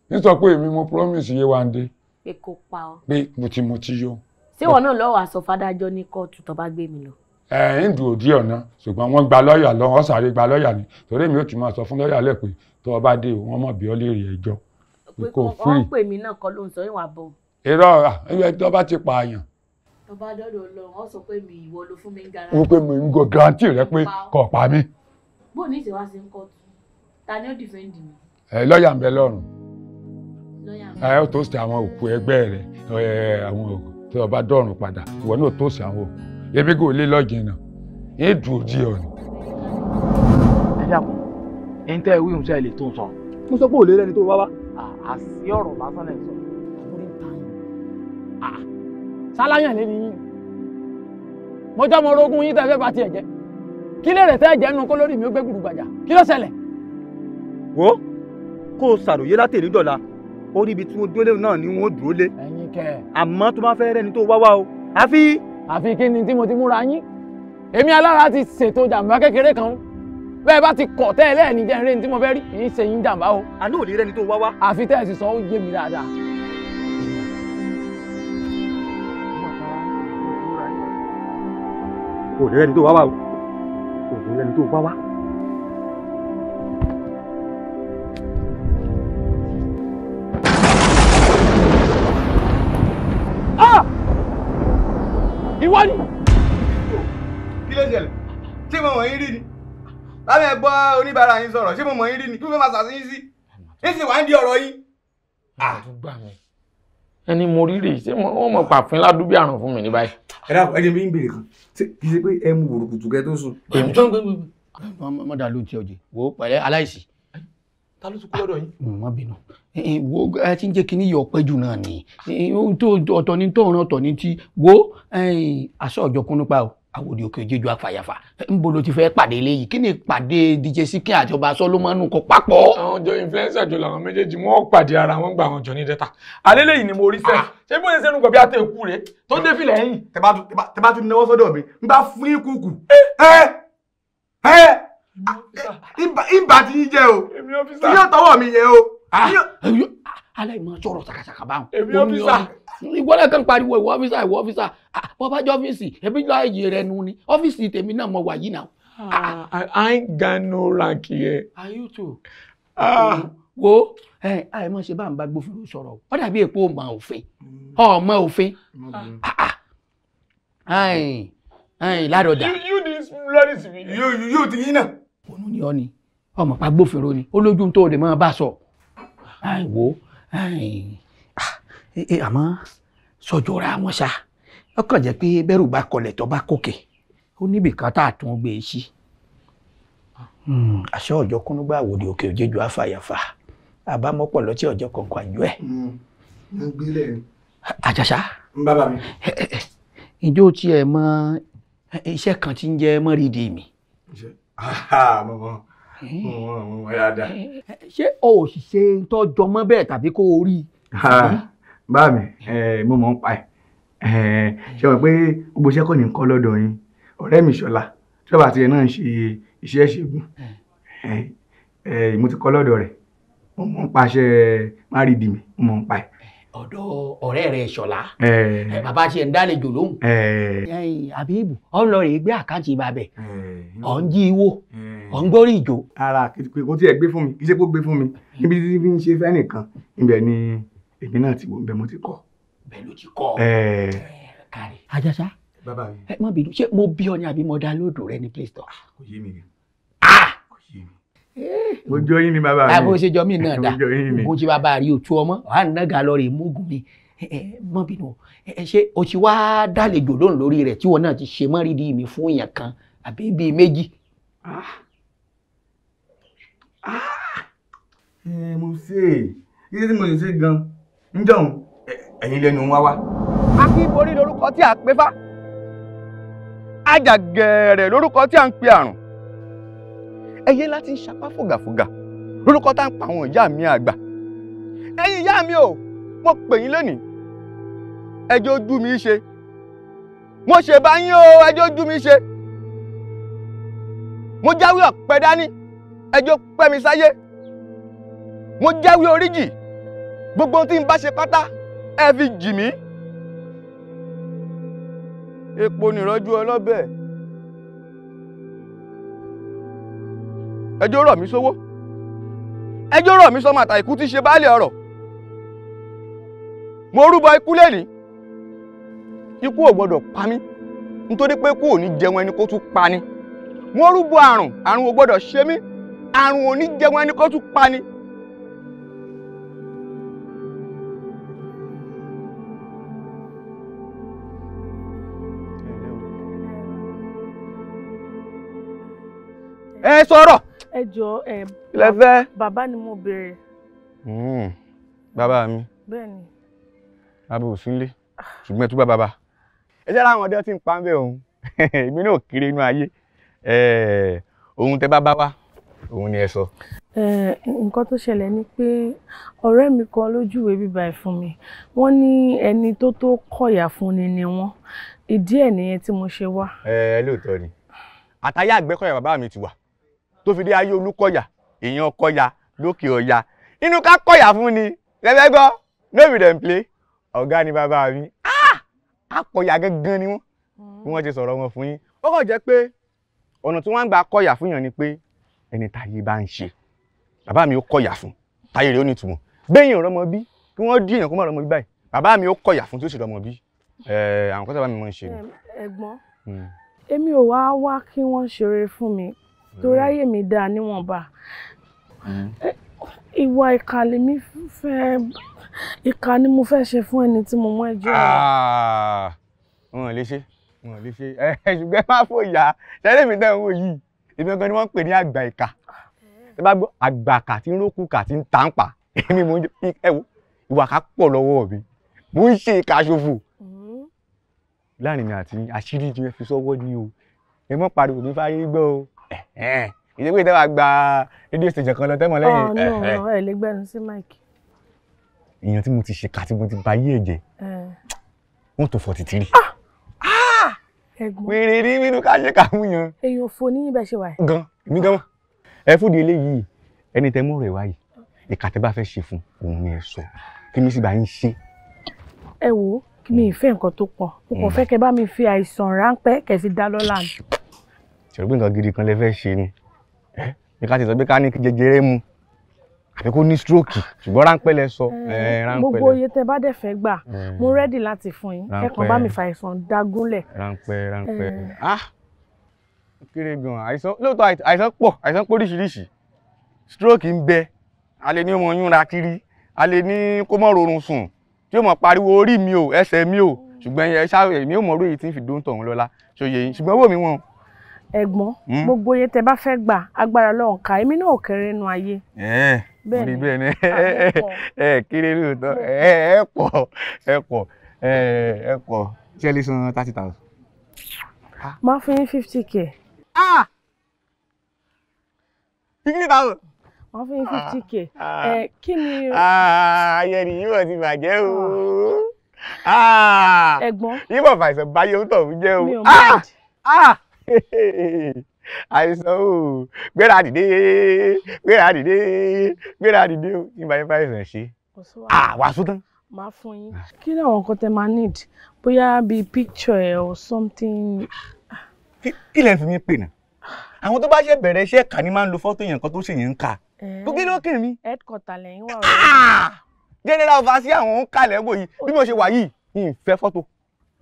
n sọ pé èmi mo promise Yéwándé. pé kò pa ọ. pé mo ti mo ti yó. ṣé wọn náà lọ́wọ́ aṣọ fadájọ́ ní kóòtù tó bá gbé mi lọ. ẹ ẹ ń dùn òdì ọ̀nà ṣùgbọ́n wọ́n gba lọ́ọ̀yà lọ wọ́n sáré gba lọ́ọ̀yà ni torí mi ò tún máa sọ fún lọ́ọ̀yà lẹ́pẹ́ tó o bá dé o wọ́n mọ̀ bí ọ lè rí ẹjọ́. pé kò fún ọ pè mí náà kọ́ ló ń sọ ìwà bọ̀. irọ́ ẹ tó bá ti pààyàn. tó bá dọ́dọ̀ lọ wọ́n sọ pé mi ìwọ ló bóò ní ìṣèwá sí ń kọ́ọ̀tù ta ni ó dìfẹ́ǹdì mi. ẹ lọ́ọ̀yà ń bẹ lọ́rùn ẹ ó tóòsì àwọn òkú ẹgbẹ́ rẹ àwọn òkú tí ọba dọ̀rùn padà ìwọ náà tóòsì àwọn òkú ebi kò lé lọ́ọ̀jìn náà yín dùn òjì ọ̀nà. ẹ dàpọ̀ ẹni tẹ́ ẹ wí ìhùnsẹ́ ilé tó ń sọ. mo sọ pé òlé rẹ ni tó bá wá. àṣì ọ̀rọ̀ lásán lẹ̀ sọ. sáláyàn lé ní yín mo jọ́ mo rogún yín tẹ́ fẹ́ bá tiẹ̀ jẹ́ kí lè rẹ̀ tẹ́ jẹ́nu kó lórí mi ó gbé gbùrùgbàjà kí ló ṣẹlẹ̀. wo kó o ṣàròyé látẹ̀lé dọ̀la orí ibi tí wọ́n dúró léwu náà ni wọ́n dúró lé. ẹ̀yin kẹ. àmọ́ tó bá fẹ́ rẹ́ni tó wá wá o àfi. àfi kí ni tí mo ti múra yín èmi alára ti ṣètò jàǹbá kékeré kan bẹ́ẹ̀ bá ti kọ̀ tẹ́ ẹ lẹ́ẹ̀ni jẹ́ eré tí mo fẹ́ rí èyí ṣe yín jàǹbá o. àná ò lè rẹ́ni tó wá wá. àfi tẹ́ ẹ sì sọ ó yé mi dáadáa. ò lè rẹ́ni tó wá wá o òun lẹ́nu tó bá wá. ìwọ ni. kí ló ṣẹlẹ̀ ṣé mo ni lábẹ́ gbọ́ oníbàárà yín ni kí ló fẹ́ máa ṣàṣeyín sí ní sì ẹni mo rí rè ṣé wọ́n mọ̀ pàfin ládùúgbò àrùn fún mi ní báyìí. ẹ dà ẹni mi ń béèrè kan kì í ṣe pé ẹ mu wòròkùtù kẹ tó sùn. èmi tó ń gbé mi. mọ́dà ló ń ti ọ̀jẹ̀ wò ó pẹ̀lẹ́ aláìsí. ta ló tún kú lọ́dọ̀ yín. mọ̀ bínú wo ẹ ti ń jẹ́ kí ní yọ ọpẹ́ jù náà ni ọ̀tọ̀ ni tó ń ọ̀tọ̀ ni ti wo aṣọ ọ̀jọ̀kún nípa o àwòdì òkè jíjọ àfàyàfà ńbo ló ti fẹ́ pàdé léyìí kí ni pàdé dj sikin àti ọba solomoni kò papọ̀. àwọn jọ influencer jọ làwọn méjèèjì wọn pàdé ara wọn gba àwọn jọ ní dẹta alẹ́ lẹ́yìn ni mo rí sẹ́ẹ̀ ah. ṣé bí wọ́n ṣe ń gbọ̀ bí àti èkú rẹ̀ tó dé fìlẹ̀ ẹ̀yìn. tẹ bá tún náwó sọ́dọ̀ mi n bá fún yín kúkú. ẹ eh! ẹ eh! eh! ìbà tí o yóò tọwọ́ mi yẹ o. Ah! aláìmọ̀ sọ̀rọ̀ ṣàkàṣàkà báwọn. èmi ọ́fíìsà. ìwọlẹ̀ kan pariwo ìwọ ọ́fíìsà ìwọ ọ́fíìsà bọ́bá jẹ́ ọ́fíìsì ẹbí lọ ààyè rẹ nu ni ọ́fíìsì tèmi náà mo wà yìí náà. I gan no rank yẹ. ayo tó. wo àìmọ̀ ṣe bá ń bá gbófinró sọ̀rọ̀ ó dàbí èpo ọmọ òfin mm. ọmọ òfin ládọ̀dà. yóò ní lọ́rí sí mi. yóò ti yín náà. òun ni ọ ni ọmọ pa gbófinró ni olójú tó o lè máa bá sọ. àìwò Ah, àmọ́ sọjọra wọn ṣá ọkàn jẹ́ pé bẹ̀rù bá kọlẹ̀ tó bá kòkè ó níbì kan tá a tún gbé e sí hmm, àṣẹ ọjọ́ kúnúgbà àwòdì òkè òjèjò àfàyàfà àbámọpọlọ tí ọjọ́ kọkàn àjọ ẹ. Hmm, àjàṣà. ń bá bàmí. ìjọ tí ẹ mọ iṣẹ́ kan tí ń jẹ́ mọ́rídìí mi. mọ̀mọ́ wọn dáadáa. ṣé o ò sì ṣe ń tọ́jọ mọ́ bẹ́ẹ̀ tàbí kó o rí i. bá mo mọ̀ ń pa ẹ̀ ṣe wọ́n pé gbogbo iṣẹ́ kọ́ ní kọ́ lọ́dọ̀ yín ọ̀rẹ́ mi ṣọlá tí wọ́n bá náà ń ṣe iṣẹ́ ìṣègùn mo ti kọ́ lọ́dọ̀ rẹ̀ mo mọ̀ ń paṣẹ márídì mi mo mọ̀ ń pa ẹ̀. ọ̀dọ̀ ọ̀rẹ́ rẹ̀ ṣọlá bàbá tiẹ̀ ń dálejò lóhùn. àbíbù ọ̀n lọ rèé gbé àkáǹtì bàbẹ̀ ọ̀ ń jí iwó ọ̀ ń gbórí ìjó. ara kìtìkì kò tiẹ̀ gbé fún mi kì í ṣe kó gbé fún mi níbi tí fi ń ṣe fẹ́ nìkan ibẹ̀ ni èmi náà ti wò bẹ́ẹ̀ mo ti kọ́. bẹ́ẹ̀ ló ti kọ́ ẹ kárí. Àjàsá ẹ má bínú ṣé mo bí ọ ni àbí mo dá lóòdù rẹ ní play store. Ah, kò yé mi ah! kò yé mi mo jọ yín ni bàbá mi. àbò ah, ṣe jọ mí náà dá mo ṣe bàbá rí òtú ọmọ wà á nàgà lọ rè mógùn mi mọ bínú ẹ o ti wá dálejò lónìí lórí rẹ tí wọn náà ti ṣe mọ́rídìí mi fún èèyàn kan àbí bíi méjì ẹ ah! eh, mo ṣe é ilé mo ṣe gan níjọ̀hún ẹ̀yin lẹ́nu wá wá. akínborí lorúkọ tí a pè fá ajàgẹ̀ẹ̀rẹ̀ lorúkọ tí a ń pe àrùn ẹyẹ láti ń sapá fògàfògà lórúkọ tá ń pa àwọn ìyá mi àgbà ẹ̀yin ìyá mi o mo pè yín lónìí ẹjọ́ ojú mi ṣe mo ṣèbá yín o ẹjọ́ ojú mi ṣe mo jáwé ọ̀pẹ dání ẹjọ́ pẹ́ mi sáyé mo jẹ́wé oríjì gbogbo ohun tí n bá ṣe pátá ẹ fi jì mí. epo nìrọ́jú ọlọ́bẹ̀ ẹjọ́ rọ̀ mí sówó ẹjọ́ rọ̀ mí sọmọ àtàìkú tí ṣe baálé ọ̀rọ̀ mo rúbọ ikú lẹ́ni ikú ò gbọdọ̀ pa mí nítorí pé kú ní jẹun ẹni kó tún pa ni mo rúbọ àrùn àrùn ò gbọdọ̀ ṣe mí àrùn oníjẹun ẹni kó tún pa ni. ẹ sọ̀rọ̀. ẹ jọ ẹ ilẹ̀ bàbá ni mo béèrè. Hmm, bàbá mi. bẹ́ẹ̀ni. bàbá ò sínlé ṣùgbọ́n ẹ tún bá bàbá. ẹ jẹ́ láwọn ọdẹ tí ń pa ń bẹ̀ òun èmi náà kiri inú ayé ohun tẹ bá bá wá òun ni ẹ sọ. nǹkan tó ṣẹlẹ̀ ni pé ọ̀rẹ́ mi kan lójúwe bíbá ẹ̀ fún mi wọ́n ní ẹni tó tó kọ̀yà fún ni ni wọ́n ìdí ẹ̀ nìyẹn tí mo ṣe wá. ẹ ẹ lóòótọ́ ni àtàyà àgbẹ̀kọ̀yà bàbá mi ti wà tó fi dé ayé olúkọ̀yà èèyàn kọ̀yà lókè ọ̀yà inú ká kọ̀yà fún ni lẹ́gbẹ́gbọ́ no be dem play ọ̀gá ni bàbá mi àkọ̀yà ah! gangan ni wọ́n bí wọ́n ti sọ̀rọ̀ wọn fún yín ó kàn jẹ́ pé ọ̀nà tí wọ́n ń gbà kọ̀yà fún yàn ni pé ẹni táyé bá ń ṣe bàbá mi ó kọ̀yà fún táyé rẹ̀ ó nítumọ̀ bẹ́yìn ọ̀rọ̀ ọmọ bí kí wọ́n dí èèyàn kó má rọmọ bí báyìí bàbá mi ó kọ̀yà fún tí ó sì rọmọ bí àwọn kọ́tà bá mi mọ̀ ń ṣe ni. ẹ̀gbọ́n hmm. èmi ò wá wá kí wọ́n ṣeré fún mi torí hmm. ayé mi dá níwọ̀nba hmm. ìwà ìkà lèmi fẹ́ ìkà ni mo fẹ́ ṣe fún ẹni tí mo mọ ẹjọ́ rẹ̀. Ah! wọn ò lè ṣe wọn ò lè ṣe ẹ ṣùgbọ́n má fò yá tẹ́lẹ̀ mi náà wò yìí èmi gan ni wọ́n ń pè ní àgbà ìka ẹ bá gbọ́ àgbà kà tí ń rókù kà tí ń tà ń pa èmi mo ń jẹ ẹ wo ìwà ká pọ̀ lọ́wọ́ mi mo ń ṣe ìka ṣòfò láàrin mi àti àṣírí tí wọ́n fi sọ́wọ́ ní o ẹ mọ́ pariwo mi fáyé gbọ́ o ìdíwé tẹ́wà gba rédíò stage kan lọ tẹ́mọ̀ lẹ́yìn. ọ̀nà ọ̀nà ẹ̀ lè gbẹ́nu sí Mike. èèyàn tí mo ti ṣèkà tí mo ti ba ayé ẹ̀jẹ̀ one to forty three. Ah! wèrè rí nínú káṣe kàmúyàn. èèyàn fò ní ibẹ̀ ṣe wà. gan mi gan mọ ẹ fúdi eléyìí ẹni tẹ mú rẹ wá yìí ìka tẹ bá fẹ́ ṣe fún òun ni ẹ sọ kí mi sì bá yín ṣe. ẹ wo kí mi ìfẹ́ nǹkan tó pọ̀ mo kàn fẹ́ kẹ bá mi fi àìsàn ráńpẹ́ kẹ̀ fi dá lọ́la ni. ṣòro pé nǹkan gidi kan lẹ fẹ́ ṣe ni ẹ ní ti sọ pé ká ní jẹjẹrẹ mu àbí kó ní stroke ṣùgbọ́n ráńpẹ́ lẹ sọ eh, eh, ráńpẹ́ lẹ. gbogbo iye tẹ bá dẹ̀ fẹ́ gbà hmm. mo rẹ́dì láti fún yín ẹ̀kan bá mi fa àìsàn dagúnlẹ̀. ráńpẹ́ ráńpẹ́ eh. ah kéré gan àìsàn lóòótọ́ àìsàn pọ̀ àìsàn pọ̀ oríṣiríṣi stroke ń bẹ a lè ní ọmọ yún ra kiri a lè ní kó mọ̀ rorun sùn tí ó mọ̀ pariwo orí mi o ẹsẹ̀ mi o hmm. ṣùgbọ́n ẹ̀ṣá mi ò mọ̀ orí yìí tí ń fi dóńtọ̀ ń lọ́la ṣòye ṣùgbọ́n owó mi wọn ẹ̀gbọ́n hmm? gbogbo iye tẹ bá fẹ́ gbà agbára lọ́hùn ká èmi náà ò kéré nu ayé. bẹ́ẹ̀ ni bẹ́ẹ̀ ni ẹ kéré lóòótọ́ ẹ pọ̀ ẹ pọ̀ ẹ pọ̀ ṣé ẹ lè san thirty thousand. Ah. máa fún yín fifty k. Ah! fifty thousand wọ́n fún yín fifty k ah, ẹ kí ni. ayẹni yíwọ ti bàjẹ́ o ẹ̀gbọ́n yíwọ fàìsàn báyé ń tọ̀ fún jẹ́ o. mi ò mind. I Where àìsàn o Where are gbéra dìde gbéra dìde o ní báyìí báyìí sàn ṣe ah, wàásù tán. máa fún yín ah. kí ni you nǹkan tẹ máa need bóyá be picture or something. He left me mi pè náà àwọn tó bá ṣe bẹ̀rẹ̀ iṣẹ́ ẹ̀ka ni máa ń lo fọ́tò yẹn kan tó ṣe yẹn ń ka gbogbo ilé òkè mi. headquarter lẹ́yìn wà rẹ̀. Ah! general overseer àwọn ń kalẹ̀ wò yìí bí mo ṣe wà yìí n ì fẹ́ fọ́tò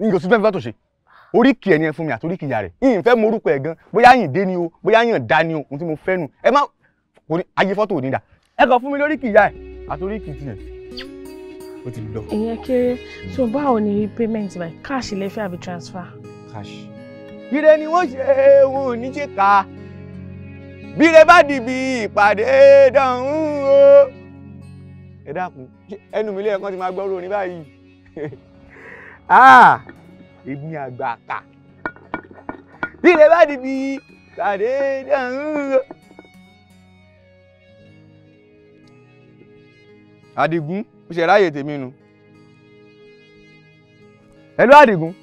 n kò sí oríkì ẹ̀ ni ẹ fún mi àti oríkì ìyá rẹ̀ yìí fẹ́ mọ orúkọ ẹ̀ gan bóyá yìn dé ni o bóyá yìn dá ni o ohun tí mo fẹ́ nu ẹ má kò ní ayé fọ́tò òní dà ẹ kàn fún mi lóríkì ìyá ẹ̀ àti oríkì tiẹ̀ ó ti lọ. ìyẹn kéré so báwo ni payment by cash lè fẹ́ àbí transfer. cash. ire ni wọ́n ṣe wọn ò ní ṣe ká bíre bá dìbì ìpàdé dọ̀hún o. ẹ dákun ẹnu mi lé ẹ̀kan ti máa gbọ́rọ̀ ní báyìí. Ah! èmi àgbà kà bí ilẹ̀ bá dìbì kàdé dàrún lọ. Àdìgún ó ṣe ráàyè tèmi nu ẹlú Àdìgún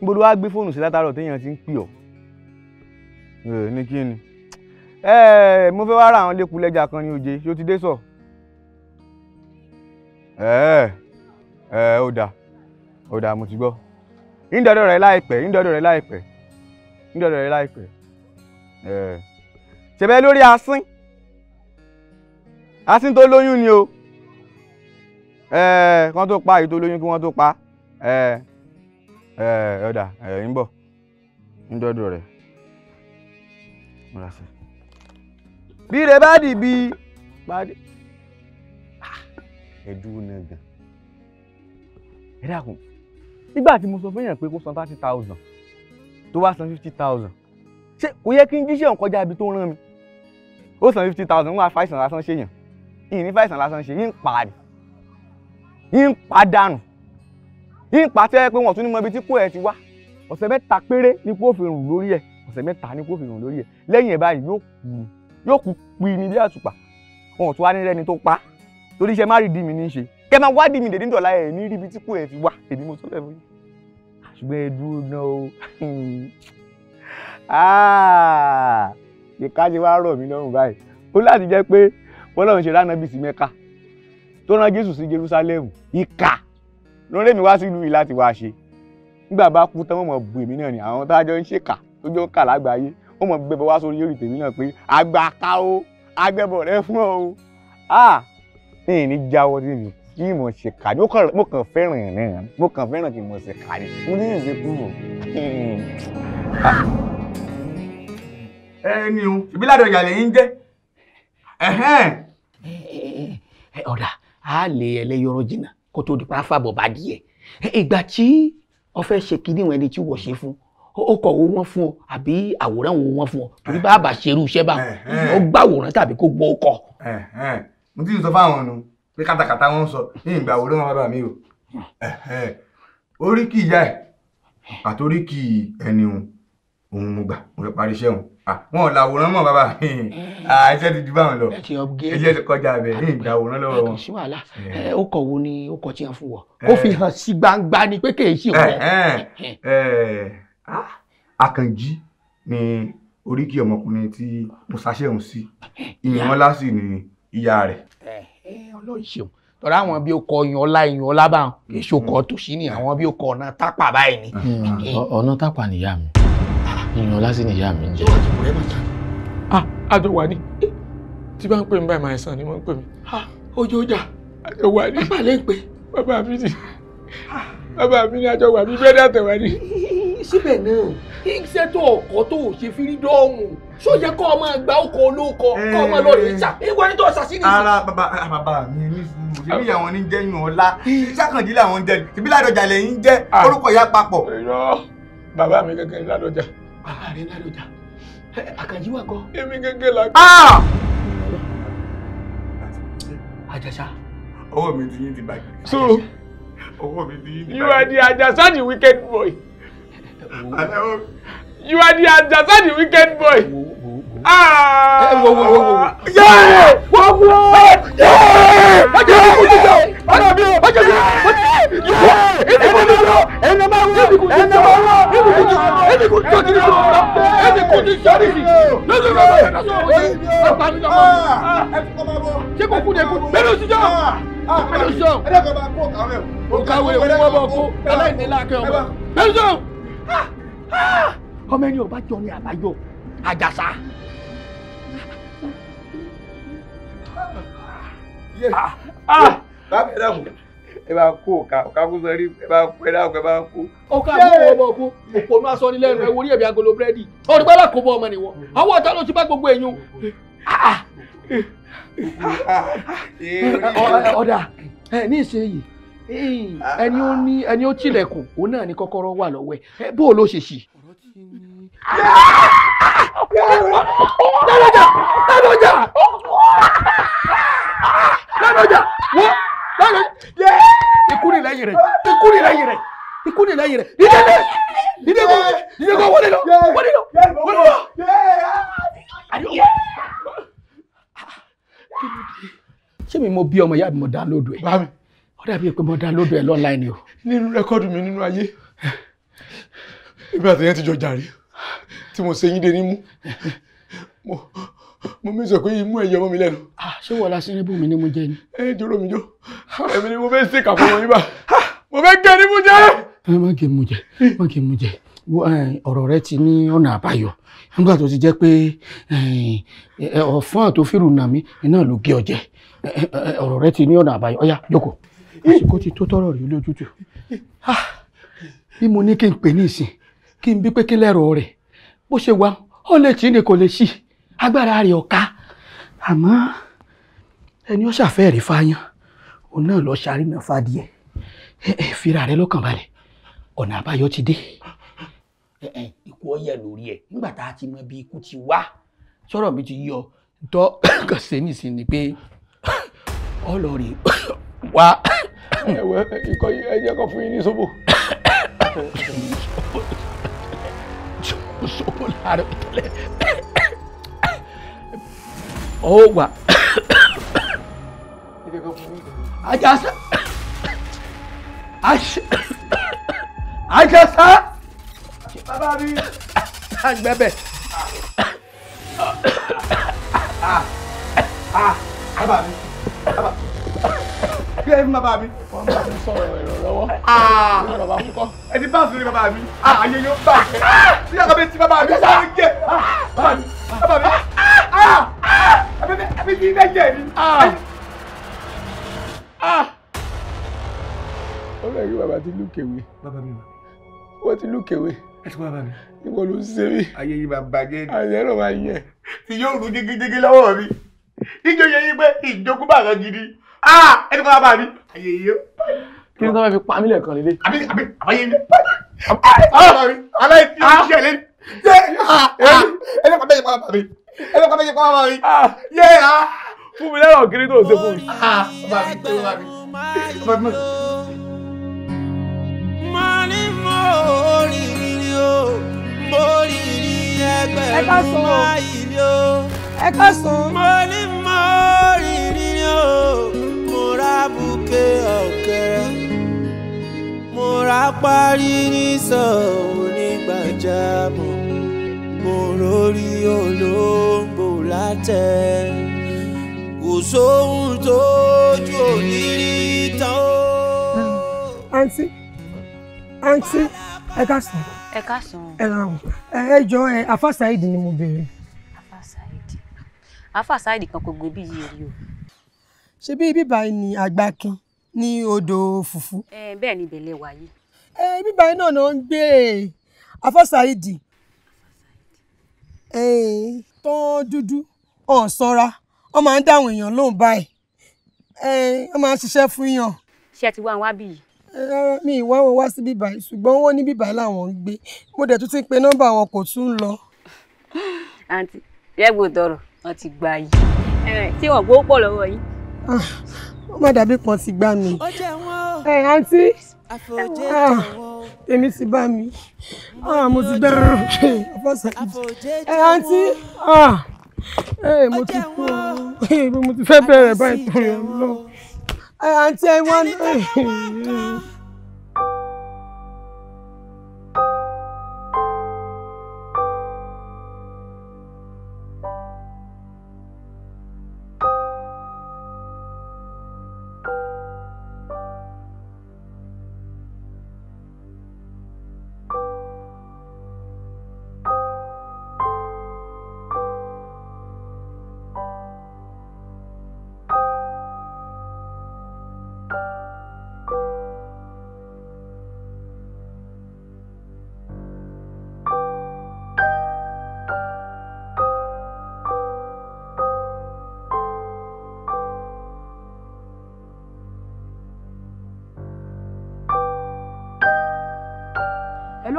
níbo ló wá gbé fóònù sí látàárọ̀ téèyàn ti ń pè ọ́ ní kí ni mo fẹ́ wá ra àwọn lẹ́kùn lẹ́jà kan ní oje ṣó ti dé sọ ẹ ẹ ó dà ó dà mo ti gbọ́ ńdọ̀dọ̀ rẹ láìpẹ́ ńdọ̀dọ̀ rẹ láìpẹ́ ńdọ̀dọ̀ rẹ láìpẹ́ ṣẹbẹ́ lórí asín asín tó lóyún ni o kán tó pa èyí tó lóyún kí wọ́n tó pa ọ̀dà ń bọ̀ ńdọ̀dọ̀ rẹ. bí rẹ bá dì bí ah, ẹdùn náà gan ẹ dákun nígbà tí mo sọ fún yàn pé kó san thirty thousand tó wá san fifty thousand ṣé kò yẹ kí n jíṣẹ́ ọ̀kọjá ibi tó rán mi ó san fifty thousand wọn á fàìsàn lásán ṣe yàn ìyìn ní fàìsàn lásán ṣe yín pa ni yín pa dànù yín pa tẹ́ pé wọ́n tún ní mọ ibi tí kò ẹ̀ ti wá ọ̀sẹ̀ mẹ́ta péré ni kó fi rùn lórí ẹ̀ ọ̀sẹ̀ mẹ́ta ni kó fi rùn lórí ẹ̀ lẹ́yìn ẹ̀ báyìí yóò kú yóò kú pin ní bí àtùpà wọn ò tún wá ní rẹ́ni tó pa torí iṣẹ́ má rí mi ní í ṣe kẹ máa wádìí mi dèdè ń dọ̀la ẹ̀ ní ríbi tí kò ẹ̀ fi wá èmi mo sọ bẹ́ẹ̀ fún yín ṣùgbọ́n ẹ dúró náà o ìka ah, ṣe wá rọ̀ mí lọ́rùn báyìí ó láti jẹ́ pé wọ́n lọ́run ṣe ránà bíi sí mẹ́ka tó rán Jésù sí Jerúsálẹ́mù ìka ló rẹ́ mi wá sílùú yìí láti wáá ṣe nígbà bá kú tán wọ́n mọ̀ bù èmi náà ni àwọn tájọ́ ń ṣèkà tó jọ ń kà lágbàáyé wọ́n mọ̀ gbẹbọ wá sórí orí tèmi náà pé àgbà ká o agbẹ́bọ̀ rẹ fún ọ o ah ní ìní jáwọ́ sí mi kí mo ṣe kà ní mo kàn fẹ́ràn ìrìn mo kàn fẹ́ràn kí mo ṣe kà ní mo ní ìṣe kúrò. ẹ ní o ìbí ládọ ìyàlẹ̀ yín jẹ́ ọ̀dà á lè ẹlẹ́yọrọ jìnnà kó tó di pàáfàbọ̀ bá díẹ̀ ìgbà tí wọ́n fẹ́ ṣe kí níwọ̀n ẹni tí wọ́n ṣe fún ó kọ̀ owó wọn fún ọ àbí àwòrán wo wọn fún ọ torí bá a bá ṣerú iṣẹ́ bá ọ gbàwòrán tàbí kó gbọ́ ọkọ̀. mo ti sọ fáwọn ọ̀nà pé kátàkátà wọn sọ ní ìgbà wo ló máa bàbá mi o orí kì í yá ẹ àtòrí kì í ẹni òun òun mo gbà mo lè parí iṣẹ́ òun wọn ò làwòrán mọ́ bàbá iṣẹ́ ti ju báwọn lọ iṣẹ́ ti kọjá abẹ ní ìgbà àwòrán lọ́wọ́ wọn. kì í sí wàhálà ó kọ̀ wo ni ó kọ̀ tí wọ́n fún wọ ó fi hàn sí gbangba ni pé kèé sí wọn. Akànjí ni oríkì ọmọkùnrin tí mo ṣàṣẹ̀hùn sí ìyẹn wọn lásì ní ìyá rẹ̀ ẹ eh, ọlọ́run ṣeun tọ́lá àwọn bí ó kọ yan ọlá yan ọlá bá wọn kì í ṣokọ tòṣí ni mm-hmm. àwọn bí ó kọ ọ̀nà tápà báyìí ni. Mm-hmm. Mm-hmm. Ah, ọ̀nà tápà nìyá mi ah, yan ọlá sì nìyá mi jẹ. ah àjọ wà ní tí bá ń pè mí báyìí máa sàn ni wọ́n ń pè mí. Ah, ojú ọjà àjọ wà ní. bàbá lè pè. bàbá mi ni àjọ wà ní bẹ́ẹ̀ dàtẹ̀ wà ní síbẹ̀ náà iṣẹ́ tó ọkọ̀ tó ṣe fírídọ́ọ̀mù ṣó yẹ kó o máa gba ọkọ̀ olóko kó o máa lọ rèé ṣà eh. ìwọ ni tó ṣà sí nìyí. ara bàbá bàbá mi ní sùúrù ṣe bí ìyàwó ní jẹ́yìn ọ̀la ṣàkàndí làwọn ń jẹ ṣe bí ládọjà lẹ́yìn jẹ́ ah. orúkọ ìyá papọ̀. bàbá mi gẹ́gẹ́ ládọjà. bàbá rẹ ládọjà eh, àkànjí wà gan. èmi gẹ́gẹ́ la. Ah! àjàṣà. ọwọ́ mi ti yín ti bàjẹ́. so ọwọ́ mi ti yín ti bàjẹ́. you are the Ajasa the wicked boy you are the ajasa the wicked boy. Ah! Yeah! Yeah! Wo wo wo wo. Yéé! Wo wo! Yéé! Bájọ́ ní kò jíjọ! Bájọ́ mi o! Bájọ́ mi o! Yéé! Ẹni kò jíjọ! Ẹni máa wọ! Ẹni kò jíjọ! Ẹni máa wọ! Ẹni kò jíjọ! Ẹni kò jíjọ! Ẹni kò jíjọ! Ẹni kò jíjọ! Lọ́sọ̀ lọ́wọ́ yẹn lọ́sọ̀ lọ́wọ́ yẹn. Ọ̀pá mi lọ́wọ́. Ṣé kò kú ni kú? Bẹ́ẹ̀ni o jíjọ! Bẹ́ẹ̀ni o jíjọ! Ẹni kò bá kó kàwé o. Kò kàwé o, kó wọ́ bọ̀ kó. Aláìníláàkẹ́ ọmọ. Bẹ́ẹ̀ni o jíjọ! ọmọ ẹni ọba jọ ni àbáyọ àjàsá. Ah, ah. bábẹ́ dàkú ẹ bá kó ọ̀ka ọ̀ka kó sọ rí ẹ bá kó ẹ dákú ẹ bá kó. ọ̀ka àbúrò ọmọ ọkọ òpònú aṣọ ni lẹ́nu ẹ wo orí ẹ̀mí agolo búrẹ́dì ọdún bá lákòóbọ̀ ọmọ nìwọ àwọn ọ̀tá ló ti bá gbogbo èèyàn ọ̀dà ah, ní ìsinyìí ẹni ó ah. ní ẹni ó tilẹ̀kùn òun náà ní kọ́kọ́rọ́ wà lọ́wọ́ ẹ bó o ló ṣe ṣì. lálọ́jà lálọ́jà lálọ́jà wọ́n lálọ́jà ikú ni lẹ́yìn rẹ̀ ikú ni lẹ́yìn rẹ̀ ikú ni lẹ́yìn rẹ̀ dídé dé dídé kó dídé kó wọlé lọ wọlé lọ wọlé lọ. ṣé mi mo bí ọmọ ìyá mi mo dá lóòdù ẹ ó dàbí pé mo download ẹ̀ lọ́nláìn ni o. nínú rẹ́kọ́ọ̀dù mi nínú ayé ibi àtẹ̀yẹ́ ti jọ jàre tí mo ṣe yín dé nímú mo mi sọ pé imú ẹ̀yẹ ọmọ mi lẹ́nu. ṣé wọ́n la sínú mi ni mo jẹ ni. ẹ jọrọ mi jọ èmi ni mo fẹ́ ṣe kàfọ́ wọn yín bá mo fẹ́ gẹ ní mo jẹ. ẹ má gé mu jẹ má gé mu jẹ ọ̀rọ̀ rẹ ti ní ọ̀nà àbáyọ nígbà tó ti jẹ́ pé ọ̀fọ́n àtòfírù nàmí iná ló gé ọ jẹ ọ̀rọ̀ rẹ ti ní ọ̀nà àbáyọ ọ̀yá jókòó àsìkò ti tó tọrọ rí lójútù bí mo ní kí n pè ní ìsìn kí n bí pé kí lẹ́rọ rẹ̀ bó ṣe wà ó lè tí ni kò lè ṣì agbára rẹ̀ ọ̀ka àmọ́ ẹni ó ṣàfẹ́ẹ̀rí fáyán òun náà lọ ṣàrìnà fadìẹ ẹ ẹ fira rẹ lọ́kàn balẹ̀ ọ̀nà àbáyọ ti dé. ikú ọyẹ lórí ẹ nígbà tá a ti mọ bí ikú ti wá sọ̀rọ̀ mi ti yọ tọ́ kàn sẹ́mi sí ni pé ọlọ́ọ̀rẹ́ wá ẹwẹ ikọ ẹjẹ kan fún yín ní sóbò. sóbò láàárọ̀ tẹ́lẹ̀ ọ wà. ajásá ajásá. sa. mi. àgbẹ̀bẹ̀. bàbá mi kí ẹ fi bàbá mi. wọn bá mi sọ̀rọ̀ ìrànlọ́wọ́. Ah. ní bàbá mi kọ. ẹ ti bá sórí bàbá mi. ààyè yóò bà jẹ́. Ah. tí yàrá bẹ ti bàbá mi sáré jẹ. Ah. bàbá mi bàbá mi. àbẹ̀bẹ̀ àbí kí ilé jẹ ni. ó rẹ̀ kí bàbá ti lùkèwé. bàbá mi wà. wọ́n ti lùkèwé. ẹ ti wá bàbá mi. ìwọ ló ń ṣe mí. ayé yìí máa bàjẹ́ ni. ayé ló máa yẹ. tí yóò rú jégéjégé lọ́wọ́ mi. ìjọ yẹ yí pé ìjogún bàrà gidi. Ah, ẹni kan wá bá mi. ayé yìí kí ni sọ́mọ́ fi pa mí lẹ́ẹ̀kan lélẹ̀. àbí àbí àbáyé mi. aláìsí oṣù ẹ̀lẹ́ ni. ẹni kan bẹ́ẹ̀ pa bàbá mi. ẹni kan bẹ́ẹ̀ pa bàbá mi. Ah. Ah. fún mi lẹ́rọ̀ kiri tó ṣe fún mi. bàbá mi tó bàbá mi. mo ní mo rí o mo rí rí ẹgbẹ̀rún máìlì o. ẹ ká sùn. mo ní mo rí o mo ra bouquet ọ̀kẹ́rẹ́ mo ra parí mo rórí olóńgbò látẹ̀ kò sóhun tójú òníri tán àǹtí àǹtí ẹ ká sàn. ẹ ká sàn. ẹ ràn ẹ jọ ẹ afa saheed ni mo béèrè. afa saheed afa saheed kan kò gbé bí yìí rí o ṣe bí bíbá ni àgbàkin ní odò fùfú. bẹ́ẹ̀ ni ìbẹ̀lẹ̀ wà yìí. bíbá iná náà ń gbé afọ́sàìdì tán dúdú ọ̀n sọ́ra wọ́n máa ń dáwọn èèyàn lóhùn báyìí wọ́n máa ń ṣiṣẹ́ fún yàn. ṣé ẹ ti wá wá bí yìí. mi ìwá wọn wá sí bíbá yìí ṣùgbọ́n wọ́n ní bíbá yìí làwọn ń gbé mo dẹ̀ tún ti pe nọ́mbà wọn kò tún ń lọ. àǹtí ẹ gbọ́dọ̀ ọ̀rọ̀ wọn ti gbà yìí tí wọn gbowó pọ̀ lọ́wọ́ yìí Ah, ó má dàbí kan ti gbá mi ẹ àǹtí ah, èmi ti bá mi mo ti bẹ̀rẹ̀ ẹ àǹtí mo ti kú eh, mo ti fẹ́ bẹ̀rẹ̀ báyìí tó yẹ lọ ẹ àǹtí ẹ wá náà.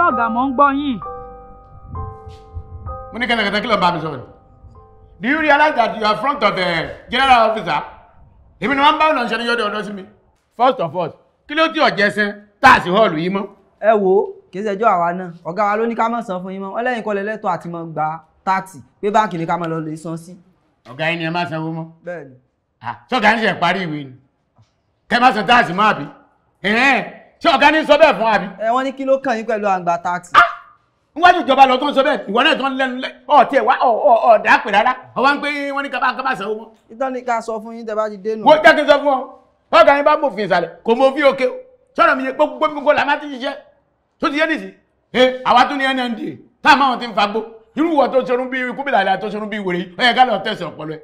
Hello ọ̀gá mò ń gbọ́ yín. mo ní kẹ́tẹ́kẹ́tẹ́ kí ló bá mi sọ̀rọ̀ do you realize that you are front of the general officer èmi ni wọ́n bá ọ̀nà ìṣẹ́ni yọ̀dọ̀ ọ̀dọ́ sí mi first of all kí ló ti ọ̀jẹ̀ sẹ́ tá a sì họ́ọ̀lù yìí mọ́. ẹ wo kì í ṣẹjọ́ àwa náà ọ̀gá wa ló ní ká má san fún yín mọ́ ọlẹ́yìn kọ́lẹ̀ lẹ́tọ̀ àti mọ́ gba táàtì pé báńkì ni ká má lọ lè san sí. ọ̀gá yín ni ẹ má sanwó mọ́. bẹ́ẹ̀ni. sọ́gà ah, ń ṣe parí ìwé ni kẹ́ má san táàtì má bì ṣé ọ̀gá ní sọ bẹ́ẹ̀ fún àbí. ẹ wọ́n ní kí ló kàn yín pẹ̀lú àgbà táàkì. Ah! níwájú ìjọba lọ tó ń sọ bẹ́ẹ̀ ìwọ náà tó ń lẹ́nu ọ̀tí ẹ̀ wá ọ̀dà pè rárá ọwọ́ ń pé wọ́n ní kaba kaba sanwó mọ́. ìtọ́ ni ká sọ fún yín tẹ bá ti dénú. mo jẹ́ kí n sọ fún ọ ọ̀gá yín bá mòfin ìsàlẹ̀ kò mòfin òkè sọ̀rọ̀ mi yẹ gbogbo gbogbo làmá ti ṣiṣẹ́ tó ti yé nìsí ẹ àwa tó ní nnd táwọn àwọn ti ń fagbó irú wọ tó ṣerun bí kúbìlà àlẹ àtọ́ṣerun bí wèrè yìí ó yẹ ká lọ tẹ̀sán ọpọlọ ẹ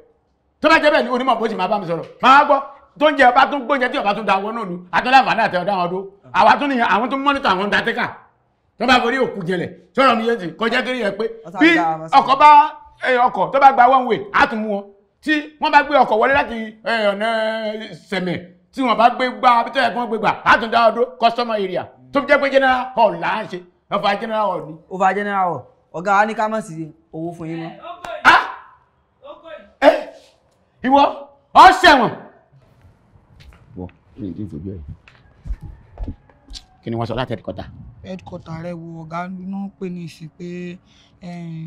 tó bá jẹ́ bẹ́ẹ̀ ni tó ń jẹ ọba tó ń gbóúnjẹ tí ọba tó ń da wọn náà lu atọ́láǹfààní àti ọ̀dá wọn dó àwa tó nìyẹn àwọn tó ń mọ́nítọ̀ àwọn datẹ́kà tó bá forí òkú jẹlẹ̀ sọ̀rọ̀ mi yẹn ti kọjá kiri yẹn pé bí ọkọ̀ bá ọkọ̀ tó bá gba one way á tún mú wọn tí wọ́n bá gbé ọkọ̀ wọlé láti ọ̀nà sẹ̀mẹ̀ tí wọ́n bá gbé gbá tó yẹ kí wọ́n gbé gbà á tún dá wọn dó customer area tó fi jẹ́ pé general hall là á ṣe ọfà general hall ni. ọfà general hall ọ̀gá wa ní ká mọ̀ sí owó mi ì tí ì fojú ẹ̀ kí ni wọ́n sọ láti ẹ̀dìkọ́ta. ẹ̀dìkọ́ta rẹ wo ọ̀gá náà pè ní ìsìn pé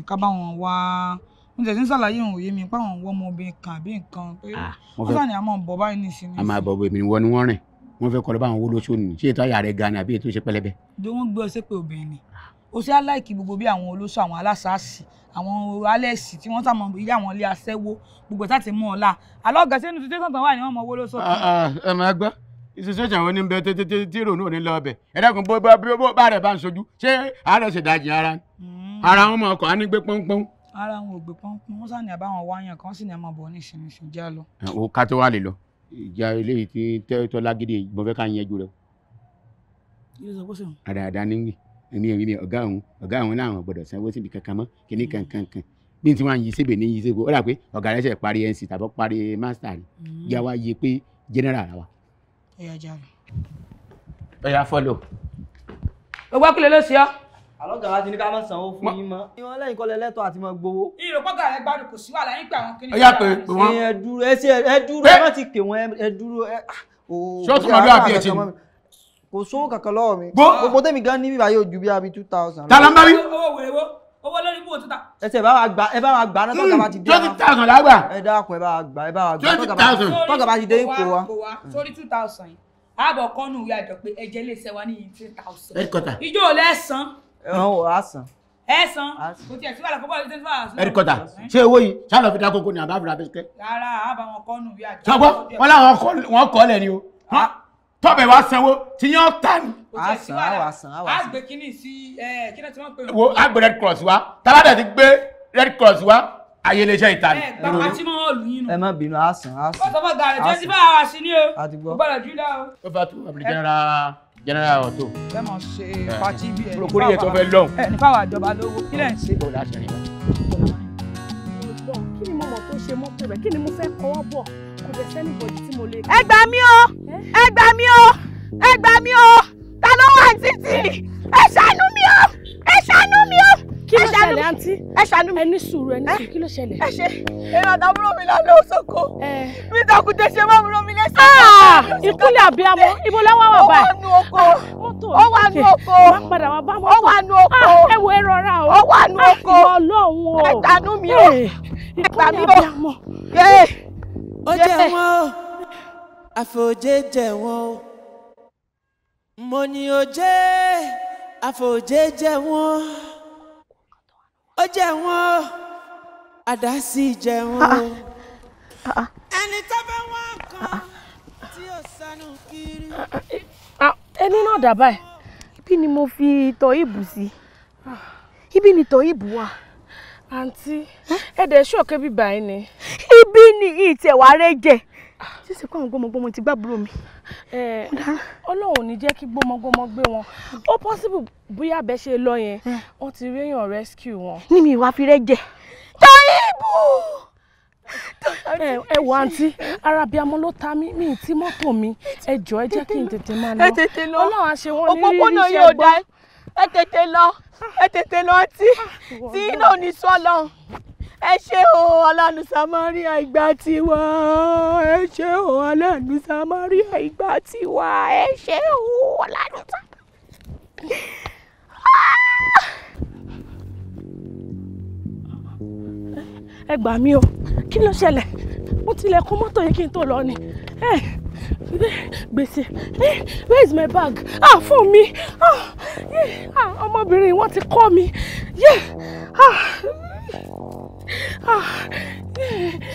ká bá wọn wá mo tẹ̀sí ṣàlàyé òun òye mi páwọn wọ́n ọmọbìnrin kan àbí nǹkan pé wọ́n sàn ní àmọ́ bọ̀ báyìí nìsín. a máa bọ̀ bọ̀ èmi ni wọ́n ni wọ́n rìn wọ́n fẹ́ kọ́ lọ bá àwọn owó lóṣù nì ṣé ètò àyà rẹ̀ gan àbí ètò ìṣe pẹlẹbẹ. jọ wọn gbé ọ sí pé obìnrin ni ó sì aláìkí gbogbo bí àwọn olóṣù àwọn aláṣàásì àwọn alẹ́sì tí wọ́n sàmọ̀ ilé àwọn ilé aṣẹ́wó gbogbo ìta ti mú ọ̀la alọ́gà sínú títí sọ̀tàn wà ní wọ́n mọ owó lóṣù. ẹ̀mọ̀ ẹgbẹ́ ìṣiṣẹ́ ìṣàwọ́ ní bẹ tètè tí ìrònú òní lọ bẹ̀ ẹ̀dẹ́kun bó bá rẹ̀ bá ń sojú ṣé àárẹ̀ ṣèdájì ara ni hmm. ara wọn mọ ọkọ̀ á ní gbé pọ́npọ́n ara wọn ò gbé pọ́npọ́n wọ́n sàní àbáwọn wáyàn kan sì ní ẹmọ bọ̀ ní ìsinmi ìjà lọ. o ká tó wà lè lọ ìjà eléyìí tí tọ́lá gidi ìgbọ̀nfẹ́ ká yẹn jù rẹ. yóò sọ pé sèwọ̀n ní ẹ̀rí ni ọ̀gá òun ọ̀gá òun láwọn gbọ́dọ̀ sanwó síbi kankan mọ́ kíní mm. kankankan bí n ti wá yin sébè ní yin sébè ó rà pé ọ̀gá rẹ̀ ṣe parí nc tàbí parí master rẹ̀ mm. yà wá yẹ pé general wa. ẹyà jàre. ẹyà fọlọ. gbogbo akílẹ̀ ló ṣe ọ́. àlọ́ gàrà ti ní ká máa sanwó fún yín mọ́. ìwọ̀n lẹ́yìn kọ́lẹ̀ lẹ́tọ̀ àti máa gbowó. ìrò pọ́gà rẹ̀ gbádùn kò sí wàhálà nípa àwọn kìnìún. ẹyà pé pé wọ́n. ẹ dúró ẹ dúró ẹ má kò sówó kankan lọ́wọ́ mi gbogbo tẹ́mi gan ní bíbá yóò bí abi two thousand. tala ń bá owó wèrè wo owó lórí ibú òtútà. ẹsẹ̀ bá wa gbà ẹ bá wa gbà náà tọ́ka bá ti dé hmm, twenty thousand la gbà. ẹ dákun ẹ bá wa gbà ẹ bá wa gbà twenty thousand tọ́ka bá ti dé ipò wa. sórí two thousand yìí kọ́nù ìyá àjọ pé ẹ̀jẹ̀ lè sẹ́wà ní three thousand. ẹ̀ríkọ́tà. ìjọ ò lẹ́sàn. ẹ̀hún ò àsàn. ẹ̀sán kò tiẹ̀ ẹ̀ríkọ́tà ṣé owó yìí ṣáàlọ́ tọ́bẹ̀ wá sanwó tí yẹn ta ni. a san a wà san a wà san. a gbé kínní sí ẹ kí náà tí wọ́n pè. wo a gbé red cross wa tábàdà ti gbé red cross wa ayélujára ìta ni. ẹ gbàgbà tí mo lù yín nù. ẹ má bínú a san a san. wọ́n sọ fún gàrẹ́ jẹ́ sí bá a wà sí ni o. a ti gbọ́. o gbọ́dọ̀ jù dá o. ó bá tó àbúrò general general ọ̀tọ̀. ẹ mọ̀ ṣe pati bí ẹ nípa wà ẹ nípa wà jọba lówó kí lẹ́ ń ṣe. bó o láṣẹ rẹ. kí ni mo mọ̀ tó ṣe mọ́tò kò dẹ̀ sẹ́ni bọ̀dì tí mo lè. ẹ gbà mí o ẹ gbà mí o ẹ gbà mí o ta ló wà ní títì ẹ ṣàánú mi o ẹ ṣàánú mi o kí ló ṣẹlẹ̀ àǹtí ẹ ṣàánú mi. ẹni sùúrù ẹni sùúrù kí ló ṣẹlẹ̀. ẹ ṣe ìrànlọ́ àbúrò mi lọ lọ sóko mi takùtẹ̀ ṣe máa múrò mi lẹ́sẹ̀. Ah! ìkúlẹ̀ àbíamọ ibo lọ́wọ́ wà báyìí. Ah! ó wà nù oko ó wà nù oko ó wà nù oko ẹ wo ẹrọ ra o ó wà nù ah! oko ìwọ ọlọ́run o ẹ eh! gbà mí o ẹ gbà eh! ó jẹ wọn o àfòjé jẹ wọn o mo ní ó jẹ àfòjé jẹ wọn ó jẹ wọn o àdásí jẹ wọn o ẹni tó bá wọn kan tí ó sanu kiri. Ah, ẹni náà dà báyìí ibi ni mo fi tọ́ ìbù sí ibi ni tọ́ ìbù wà àǹtí ẹ̀dẹ̀ ṣọ́ọ̀kẹ́ bíbá yìí ni. ibi ni ìtẹ̀wá rẹ jẹ sísè ah. kó àwọn gbọmọgbọmọ ti gbàbúrò mi. ọlọ́run ní jẹ́ kí gbọmọgbọmọ gbé wọn o pọ́sibù bóyá bẹ́ẹ̀ ṣe lọ yẹn o ti rí èèyàn rescue wọn. ní mi ìwà fi rẹ jẹ. tọ́yìnbù. ẹ wọ àǹtí arábíàmọ ló ta mí mi ì tí mọ́tò mi ẹ jọ ẹ jẹ́ kí n tètè máa lọ ọlọ́run àṣẹ wọn ní rírí iṣẹ́ gbọ́ ẹ tètè lọ ẹ tètè lọ ah, tí tí iná ò ní sọ lọ ẹ ṣé o aláàánú samaria ìgbà tiwa ẹ ṣé o aláàánú samaria ìgbà tiwa ẹ ṣé o aláàánú samaria. ẹ gbà mí o kí ló ṣẹlẹ̀ mo tilẹ̀ kó mọ́tò yìí kí n tó lọ ni. Eh gbèsè eh, where is my bag ah fún mi ah, ah ọmọbìnrin wọn ti kọ́ mi yeah ah ah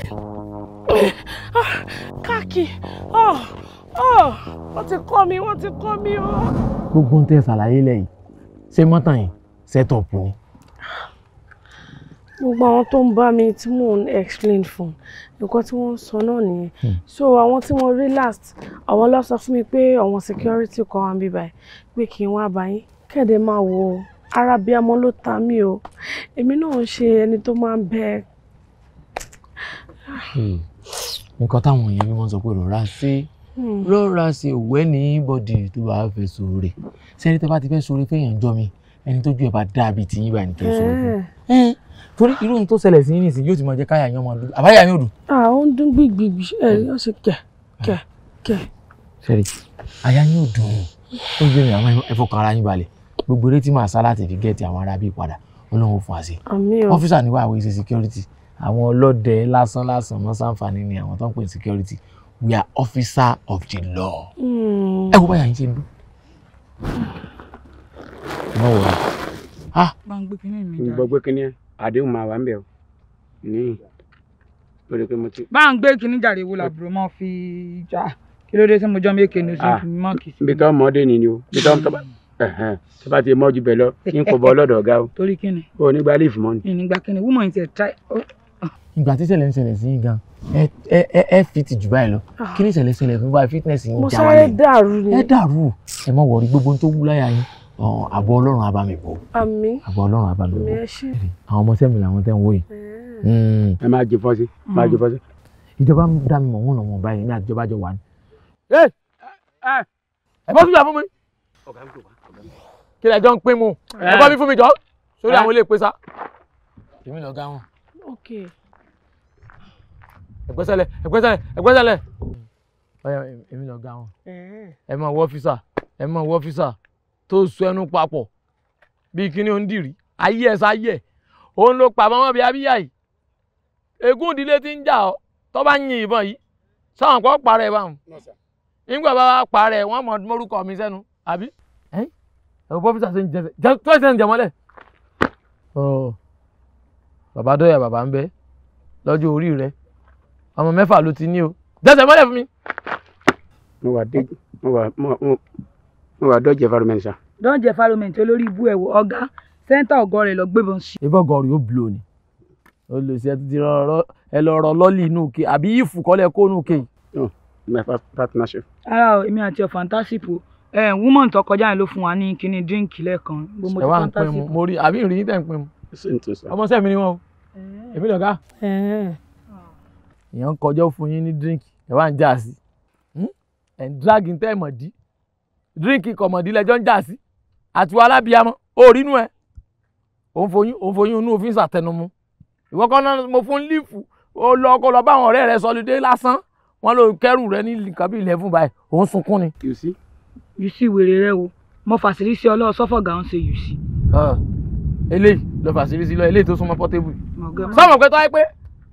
oh. ah káàkì oh oh wọ́n ti kọ́ mi wọ́n ti kọ́ mi o. Oh. gbogbo ń tẹ ṣàlàyé lẹ́yìn ṣé mọ́tà yìí setup ni. gbogbo àwọn tó ń bá mi tí mò ń explain fún un nǹkan tí wọ́n ń sọ náà nìyẹn hmm. so àwọn tí wọ́n rí last àwọn lọ sọ fún mi pé àwọn security kan wà níbí báyìí pé kí n wá bá yín kẹ́dẹ̀ máa wo arábíàmọ́ ló ta mí o èmi náà ń ṣe ẹni tó máa ń bẹ. Hmm. nǹkan táwọn èèyàn mi wọ́n sọ pé rọra sí hmm. rọra sí òwe ní bọ́dì tó bá fẹ́ sóore ṣé ẹni tó bá ti fẹ́ sóore fẹ́yàn jọ mi ẹni tó ju ẹ̀ bá dáa bíi tìyín báyìí ni sóore Eh. torí irú ohun tó ṣẹlẹ̀ sí nísìn yóò ti máa jẹ́ káyà yẹn máa dùn àbáyà yẹn ò dùn. àwọn ah, ń dún gbìgbìgbì ẹ ẹ eh, ṣe kẹ kẹ kẹ. sẹ́rí àyà yín ò dùn ó gbé mi àwọn ẹ fọkàn ara yín balẹ̀ gbogbo eré tí màá sá láti fi gẹ̀ẹ́tì àwọn ará bíi padà ọlọ́run fún àṣẹ. ọ́fíìsà níwá àwọn ìṣe security àwọn ọlọ́dẹ lásán lásán mọ́ sáǹfààní ni àwọn tó ń pè ní security we are officer of the law. Hmm. ẹ wo báyà yín ṣe ń dún ah gbọ́ pé kíní àdéhùn máa wà ń bẹ̀ o níyìn lórí pé mo ti. bá à ń gbé kíní jàre wo làbúrò máa fi jà kí ló dé tí mo jọ mí èké ni ah. o sì fi mọ́ kìí. bí tọ́ ọmọdé ni ni o bí tọ́ ọmọdé tó bá ti mọ́ ju bẹ̀ lọ n kò bọ́ ọlọ́dọ̀ ọ̀gá o. torí kíni. o nígbà leaf mọ́ ni. ìnígbà kíni wúmọ̀ yìí ti try. ìgbà tí ṣẹlẹ̀ ń ṣẹlẹ̀ sí gan ẹ fi ti jù báyìí lọ ah. kí ni ìṣẹ̀lẹ̀ ṣẹlẹ̀ fún báyìí fitness yìí jà wálé. mo sáré dàrú ni. ẹ dàrú ẹ má wọrí gbogbo tó wú láyà yín àbọ̀ ọlọ́run á bá mi bò. àmín àbọ̀ ọlọ́run á bá mi bò. àwọn ọmọ sẹ́mi làwọn tẹ́ ń wò yìí. Hmm. ẹ máa jẹ fọ́sí máa jẹ hmm. fọ́sí. ìjọba ń dá mi mọ̀ wọ́n náà wọ̀n báyìí ní àtijọba jọ wà ní. ẹ ẹ ẹ bọ́ síbi àfún mi. kí lẹ́jọ́ ń pín mu ẹ bọ́ mi fún mi jọ sórí àwọn ilé ìpèsà. èmi lọ gáwọn. ẹgbẹ́sẹ̀lẹ̀ ẹgbẹ́sẹ̀lẹ̀ ẹgbẹ́sẹ̀lẹ̀. èmi lọ gáwọn. ẹ máa wọ ọ́fíìsà ẹ máa wọ ọ́fíìsà tó so ẹnu papọ̀ bíi kíní ó ń dìrí ayé ẹ sáyé ẹ òun ló pa mọ́mọ́ bíi abíyá yìí ègún ìdílé ti ń jà ọ́ tó bá yin ìbọn yìí sáwọn kan parẹ́ ẹ báwọn nígbà bá wàá parẹ́ wọ́n mọ mórúkọ mi sẹ́nu àbí. ẹ ẹ bọ́fíìsì àti jẹ tó ẹsẹ̀ ń jẹ mọ́lẹ̀. bàbá dọ́yà bàbá ń bẹ lọ́jọ́ orí rẹ ọmọ mẹ́fà ló ti ní o jẹ́sẹ̀ mọ́lẹ̀ fún mi. mo wà dé mo wà mo mo wà dọ́jì environment sa. dọ́jì environment olórí ibú ẹ̀ wò ọ̀gá sẹ́ńtà ọ̀gọ́ rẹ̀ lọ gbébọn sí. ìbọ̀gàn rẹ̀ ó blo ni olùsí ẹ ti rọrọ ẹ lọ rọ lọ́ọ̀lì inú ke àbí ìfù kọ́lẹ̀ kó inú ke. my partnership. ara o èmi àti ọ fantasip o ẹ woman tó kọjá yẹn ló fún wa ní kíní díríǹkì lẹ́ẹ̀kan bó mo ti fantasip. ẹ wá ń pin mu mo rí àbí ìrìn tẹ̀ ń pin mu. ọmọ sẹ́ẹ̀ mi ni wọ́n o èmi lọ́gá. èèyàn ń kọjọ́ fún yín ní díríǹkì ẹ wá ń já sí i hmm? ẹ̀ ń dírágì tẹ́ ẹ̀ mọ̀ dí díríǹkì kọ̀mọ̀dínlẹ́jọ́ ń jà sí àti wà lábìyamọ òrínú ẹ òun foyún òun foyún inú òfin ṣàtẹnumú ìwọ kọ́ náà mo fún lífù ó lọ kó lọ báwọn ọ̀rẹ́ rẹ sọlídé lásán wọn ló kẹrù rẹ ní nǹkan bíi eleven báyìí òun sunkún ni. yóò sí. yóò sí wèrè rẹ o mo fàṣírí sí ọlọ́ọ̀ sọ́fọ̀gà ń ṣe yóò sí. eléyìí lọ fàṣírí sí lọ eléyìí tó súnmọ́ pọ́tébù. sọ́mọ̀ pé tọ́ ẹ pé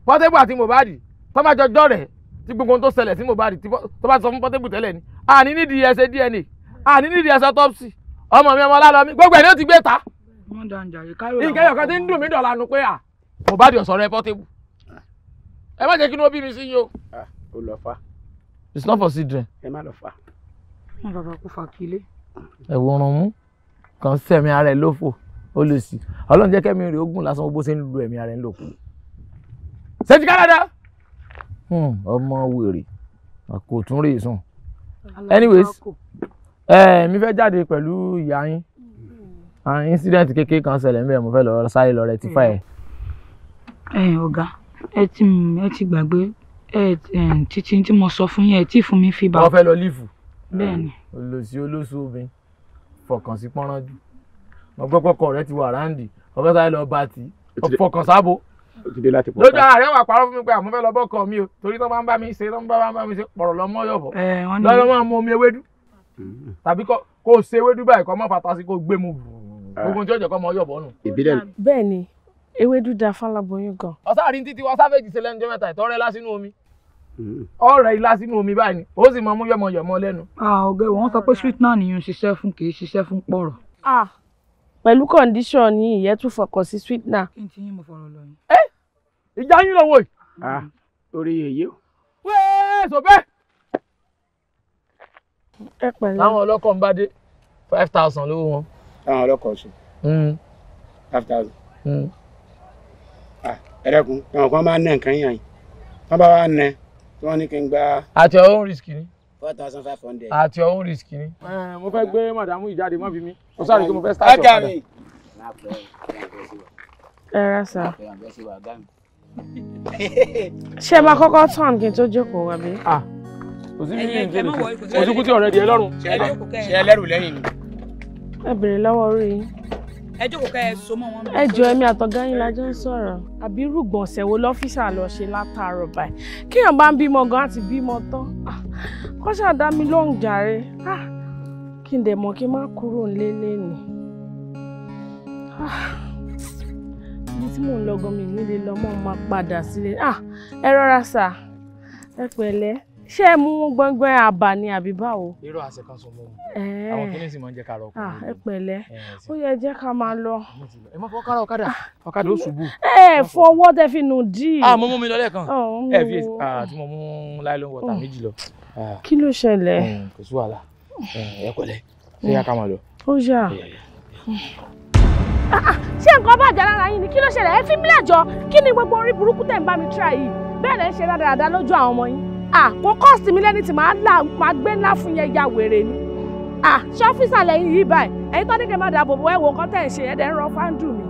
pọ́tébù àti Mohbad tọ́mọ̀ jọjọ́ rẹ̀ tí gbogbo ohun tó ṣẹlẹ̀ sí Mohbad tó bá sọ fún pọ́tébù tẹ́lẹ̀ ni àní nídìí ẹsẹ̀ DNA àní nídìí ẹsẹ tọ́pùsì ọmọ mi ọmọ mi gbogbo ẹ̀ ní ó ti gbé ta. nǹkan ẹ̀yọ̀kan ti ń dùn mí dọ̀la nu pé à mo bá di ọ̀sán rẹ pọ́tébù ah. ẹ má jẹ́ kí ni ó bí mi sí yín o. o ah, lọ fa. it's not for children. ẹ má lọ fa. wọn bàbá kò fa kílé. ẹ̀wọ̀n ọ̀run mú kàn sẹ́mi ara ẹ̀ lófò ó lè sí ọlọ́run jẹ́ kẹ́mi rè ogún lásán bó ṣe ń lu ẹ̀mí ara ẹ̀ lókun. ṣèjì kánádà. ọmọ wèrè àkótún sùn. anyways ẹ mi fẹ́ jáde pẹ̀lú ìyá yín incident kékeré kan ṣẹlẹ̀ níbẹ̀ mo fẹ́ lọ sáré lọ rectify ẹ̀. ẹ ọ̀gá ẹ ti ẹ ti gbàgbé ẹ títí tí mo sọ fún yín ẹ tí fún mi fi bá. wọ́n fẹ́ lọ lífù. bẹ́ẹ̀ni. olùsí olóṣù obìnrin fọkàn sí pọ́nrán jù mo gbọ́ pọ́kọ rẹ ti wà ráǹdì ọ̀fẹ́ sáré lọ bá ti fọkàn sábò lójú ààrẹ wà parọ́ fún mi pé àmọ́ fẹ́ lọ bọ́kọ mi o torí tó bá ń bá mi ṣe tó bá ń bá mi ṣe pọ̀rọ̀ lọ́mọ́ yọ̀bọ̀ lọ́dọ̀ máa mú omi ewédú tàbí kó o ṣe ewédú báyìí kó má fata sí kó o gbé mu ah. gbogbo ní ọjọ́ kó mọ ọyọ̀ bọ́nù. bẹ́ẹ̀ ni ewédú da fáláboyún gan. ọ̀sáàrin títí wa sáfẹ́jì ṣe lẹ́nu jẹ́mẹ́ta ìtọ́rẹ́ lásínú omi ọ̀rẹ́ ilá sínú omi báyìí ni ó sì mọ mú yọmọ yọmọ lẹ́nu. ọ̀gá wọn sọ pé sweet náà nìyẹn ṣiṣẹ́ fún kì í ṣiṣẹ́ fún pọ̀rọ̀. pẹ̀lú condition ni ìyẹn tún fọkàn sí sweet náà. kí n ti yín mo fọ̀rọ̀ lọ yín. ẹ eh, ìjà yín lọ wò yìí. Ah, orí èyí o. wẹ́ẹ́ sọ bẹ́ẹ̀ ẹ pẹ̀lẹ́. láwọn ọlọ́kọ̀ ń bá dé five thousand lówó wọn. láwọn ọlọ́kọ̀ ṣe. Hmm. five thousand. Hmm. ẹ̀rẹ́kun àwọn kan máa ń nẹ nǹkan yàn yìí wọ́n bá wá nẹ tí wọ́n ní kí n gba. àti ọ̀hún risk ni. four thousand five hundred. àti ọ̀hún risk ni. mo fẹ́ gbé màdàmú ìjáde má mi mo sáré pé mo fẹ́ start ọ̀kadà. ẹ rà sá ṣé ẹ máa kọ́kọ́ tán kí n tó jókòó wá bí kò sí bíbí ní ìdílé kò ọ̀rẹ́ di ẹ ṣe ẹlẹ́rù lẹ́yìn ni. ẹ bèrè lọ́wọ́ orí yín. ẹ jókòó kẹ́ ẹ so mọ́ wọn. ẹ jọ èmi àtọ̀gá yín la jọ ń sọ̀rọ̀ àbí rúgbọ̀nsẹ̀ wo lọ́fíìsà lọ ṣe látàárọ̀ báyìí kíyàn bá ń bímọ gan àti bímọ tán ah, kó ṣàdá mi lóhùn jàre ah, kí n dẹ̀ mọ̀ kí n má kúrò nílé lẹ́nu ah, ibi tí mò ń lọ gan mi nílé lọ mọ́ máa padà sílé ẹ rọra sà ẹ pẹ̀lẹ́ ṣé ẹ mú gbọ́ngbọ́n àbà ni àbí báwo. irú àṣẹ kan sọ mọ́ mi eh. àwọn kìnìún sì máa ń jẹ́ ká rọ ọkùnrin. Ah, ẹ pẹ̀lẹ́ eh, ó yẹ jẹ́ ká máa lọ. ẹ má fọwọ́ kára ọ̀kadà ah. ọ̀kadà ó ṣubú. Eh, ẹ fọwọ́ tẹ fi nù dí. a ah, mo mú mi lọ lẹ́ẹ̀kan ẹ oh, fi àti mo mú láìlọ́n wọ̀tà oh. méjì lọ. kí ló ṣẹlẹ̀. Hmm, kò sí wàhálà ẹ pẹ̀lẹ́ ṣé yá ká máa lọ. ó yà ṣé nǹkan bàjẹ́ lára yín ni kí ló ṣẹlẹ̀ ẹ fi mílẹ̀ jọ kí ni gbogbo orí burúkú tẹ̀ ń bá mi tíra yìí bẹ́ẹ̀ lẹ́ ń ṣe dáadáa lójú àwọn ọmọ yín kò kọ́ọ̀sì mi lẹ́ni tí màá gbé ńlá fún yẹn ya wèrè ni ṣé ọ́fíìsà lẹ́yìn yìí báyìí ẹ̀yin tó ní kí n má dàbò bò ẹ̀ wò nǹkan tẹ̀ ń ṣe ẹ̀dẹ̀ ń rọ fáńdù mi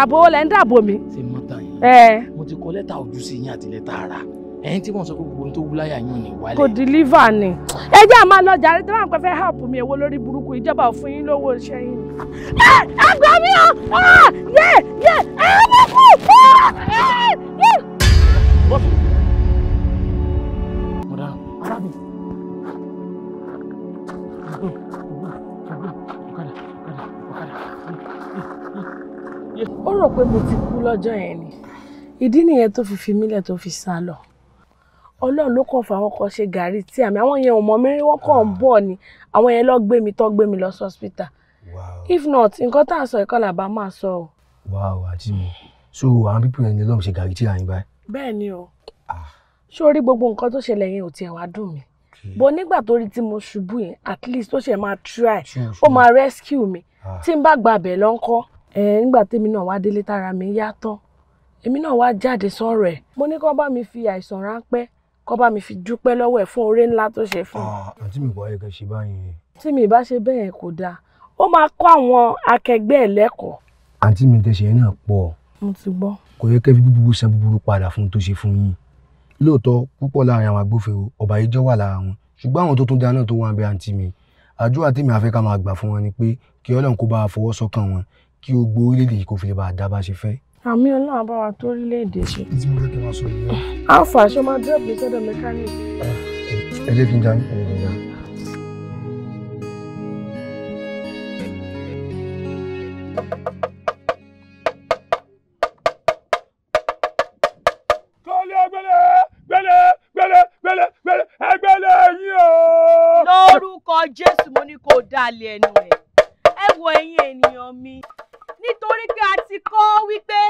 àbò lẹ̀ ń dàbò mi. ṣe mọ tán yẹn mo ti kọ lẹ́tà ojú sí yín àti lẹ́tà ara ẹ̀yin tí wọ́n sọ pé gbogbo tó wúláyà yín ò ní kò dìlíva ni ẹ jẹ́ àmọ́ lọ́jà rẹ tí wọ́n pẹ́ fẹ́ help mi èwo lórí burúkú ìjọba òfin yín lówó iṣẹ́ yín. ẹ ẹ gbà mí o yé yé ẹ ẹ mọ̀ fún un. rò pé mo ti kú lọ́jọ́ yẹn ni ìdí nìyẹn tó fi fi mílẹ̀ tó fi sá lọ ọlọ́run ló kàn fáwọn kan ṣe gàrí tí àmì àwọn yẹn ò mọ mi rí wọ́n kàn ń bọ̀ ni àwọn yẹn lọ gbé mi tó gbé mi lọ sọ́spítà if not nǹkan tá à ń sọ ìkọlà bá máa sọ o. wàá wà á jí mi so àwọn pípọ̀ yẹn ni lọ́run ṣe gàrí tí àyìn báyìí. bẹ́ẹ̀ ni o sórí ah. gbogbo nǹkan tó ṣẹlẹ̀ yẹn ò tiẹ̀ wá dùn mí bó nígbà tó rí tí mo ṣubú yẹn at least ó ṣe máa try ó máa rescue mi ah. tí n bá gbàbẹ̀ lọ́ńkọ́ nígbà tèmi náà wá délé tára mi yàtọ̀ èmi náà wá jáde sọ̀rọ̀ ẹ̀ mo ní kó bá mi fi àìsàn ráńpẹ́ kó bá mi fi dúpẹ́ lọ́wọ́ ẹ̀ fún oore ńlá tó ṣe fún mi. Ah, àǹtí mi bọ̀ ayẹkẹ ṣe báyìí. tí mi bá ṣe bẹ́ẹ̀ kò dáa ó máa kọ́ àwọn akẹgbẹ́ ẹ̀ lẹ́kọ̀ọ́. àǹtí mi tẹ̀sẹ̀ náà pọ̀. mo ti gbọ́. kò yẹ kẹ́ fi búburú san búburú padà fún tó ṣe fún yín lóòótọ́ púpọ̀ láàrin àwọn agbófinró ọba yìí jọ wà lára wọn ṣùgbọ́n àwọn tó tún dáná tó wà ń àǹtí mi àdúrà tèmi àfẹ́ ká máa gbà fún wọn ni pé kí Ọlọ́run kó bá a fọwọ́ sọ́kàn wọn kí gbogbo orílẹ̀-èdè yìí kò fi lè bá a dá bá ṣe fẹ́. àmì ọlọ́run àbáwá tó orílẹ̀-èdè ṣe. ní mo fẹ́ kí sọ yìí. alfa ṣe máa dẹ́ẹ̀bù sọ́dọ̀ mẹkáníìkì. ẹ jẹ́ kí n já ní ẹ̀rọ ìjà. kọ́lé gbélé gbélé gbélé gbélé ẹgbẹ́lẹ̀ yín o. lórúkọ jésù mo ní kó o dá lẹ́nu ẹ wo ẹ̀yin ènìyàn mi ti kọ wípé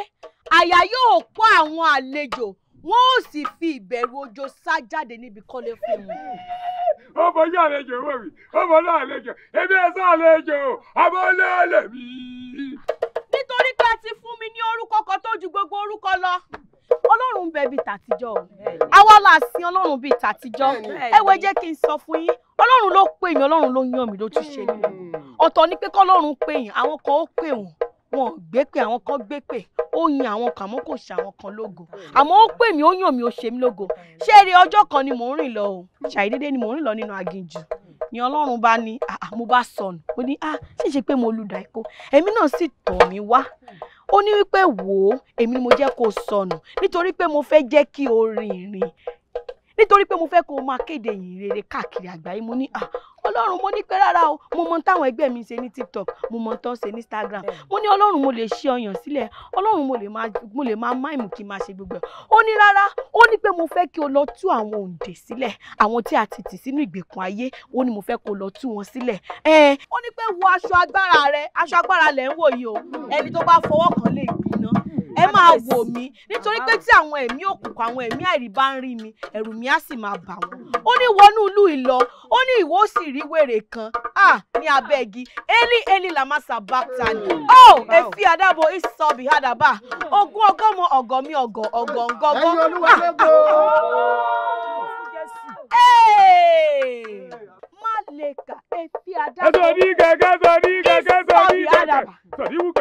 àyà yóò kó àwọn àlejò wọn ò sì fi ìbẹ̀rù ojo sá jáde níbi kọ́lé fún wọn. ó mọ ní àlejò wò mí ó mọ ní àlejò ebi ẹ sọ àlejò àmọ́ lẹ́lẹ̀ mi. nítorí pé a ti fún mi ní orúkọ kan tó ju gbogbo orúkọ lọ ọlọ́run bẹ bíi tàtijọ́ àwa la sin ọlọ́run bíi tàtijọ́ ẹ wẹ jẹ́ kí n sọ fún yín ọlọ́run ló pè mí ọlọ́run ló yàn mí ló tún ṣe mí ọ̀tọ̀ ni pé kọ́lọ́run pè yín àwọn kan ó pè wọ́n wọn ò gbé pé àwọn kan gbé pé ó yin àwọn kan àmọ́ kò ṣe àwọn kan lógo àmọ́ ó pè mí ó yàn mí ó ṣe mí lógo ṣé eré ọjọ́ kan ni mò ń rìn lọ o ṣàìdédé ni mò ń rìn lọ nínú aginjù ni ọlọ́run bá ní ah, ah, mo bá sọnù ó ní ah ṣe ṣe pé mo lu dàìpọ̀ èmi náà sì tọ̀ mí wá ó ní wípé wò ó èmi ni mo jẹ́ kó sọnù nítorí pé mo fẹ́ jẹ́ kí o rìn rìn nítorí pé mo fẹ́ kó o máa kéde ìyìn rere káàkiri àgbáyé mo ní ọlọ́run mo ní pé rárá o mo mọ táwọn ẹgbẹ́ mi ṣe ní tiktok mo mọ tán ṣe ní instagram mo ní ọlọ́run mo lè ṣe ọyàn sílẹ̀ ọlọ́run mo lè máa máìmù kí n máa ṣe gbogbo ẹ̀ ó ní rárá ó ní pé mo fẹ́ kí o lọ tú àwọn òǹdè sílẹ̀ àwọn tí a ti tì sínú ìgbèkùn ayé ó ní mo fẹ́ kó o lọ tú wọn sílẹ̀ ẹ̀ ó ní pé wo aṣọ agbára rẹ aṣọ agbára lẹ̀ ń wò yìí o ẹni tó bá fọwọ́ kàn lè gbiná máa wò mí nítorí pé tí àwọn ẹ̀mí òkùnkùn àwọn ẹ̀mí àìrí bá ń mi ẹ̀rù mi á sì máa bà wọ́n ó ní wọnú ìlú ìlọ ó ní ìwọ sì rí wèrè kan ní abẹ́ igi eli eli lamasa oh efi adabo isobi hadaba ogún ọgọ́mọ ọ̀gọ́ mi ọ̀gọ́ ọ̀gọ́ ah! adabo.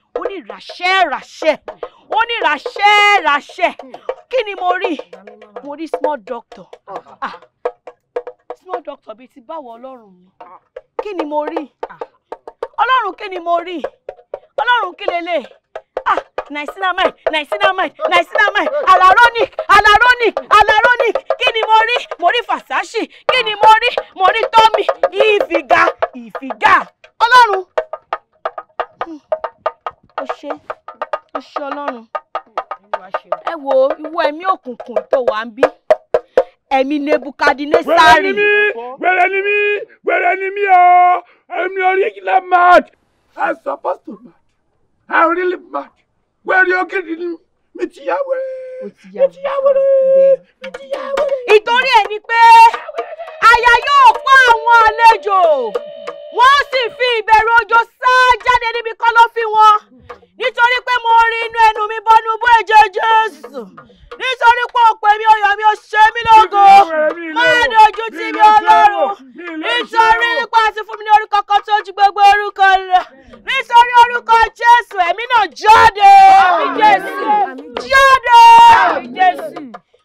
ó ní ràṣẹ́ ràṣẹ́ ó ní ràṣẹ́ ràṣẹ́ kí ni mo rí mo rí small doctor ah small doctor bíi ti báwo ọlọ́run mi kí ni mo rí ah. ọlọ́run kí ni mo rí ọlọ́run kí lélẹ̀ ah nisinamide nisinamide alaronic alaronic alaronic kí ni mo rí mo rí fàṣáṣì kí ni mo rí mo rí tọ́mì ìfìgà ìfìgà ọlọ́run ó ṣe ó ṣe ọlọ́run ẹ wo ìwọ ẹ̀mí òkùnkùn tó wà ń bí ẹ̀mí nebukadnesari. wẹ̀rẹ̀ ni mí wẹ̀rẹ̀ ni mí o ẹ̀mí original mad I'm supposed to mad I really mad wẹ̀rẹ̀ ògidì ni mi ti yá wẹ̀rẹ̀ mi ti yá wẹ̀rẹ̀ mi ti yá wẹ̀rẹ̀. ìtorí ẹ̀ ni pé àyà yóò pọ̀ àwọn àlejò wọ́n sì fi ìbẹ̀rù òjò sá jáde níbi kọ́lọ́fín wọn nítorí pé mo rí inú ẹnu mi bọ́nú bó ẹ̀jẹ̀ Jésù nítorí pé òpè mi ọyọ̀ mi ò ṣe mí lógo máa dojú tì mí Ọlọ́run nítorí ipa àti fún mi ní orúkọ kan tó ju gbogbo orúkọ lọ nítorí orúkọ Jésù ẹ̀mí náà jáde jáde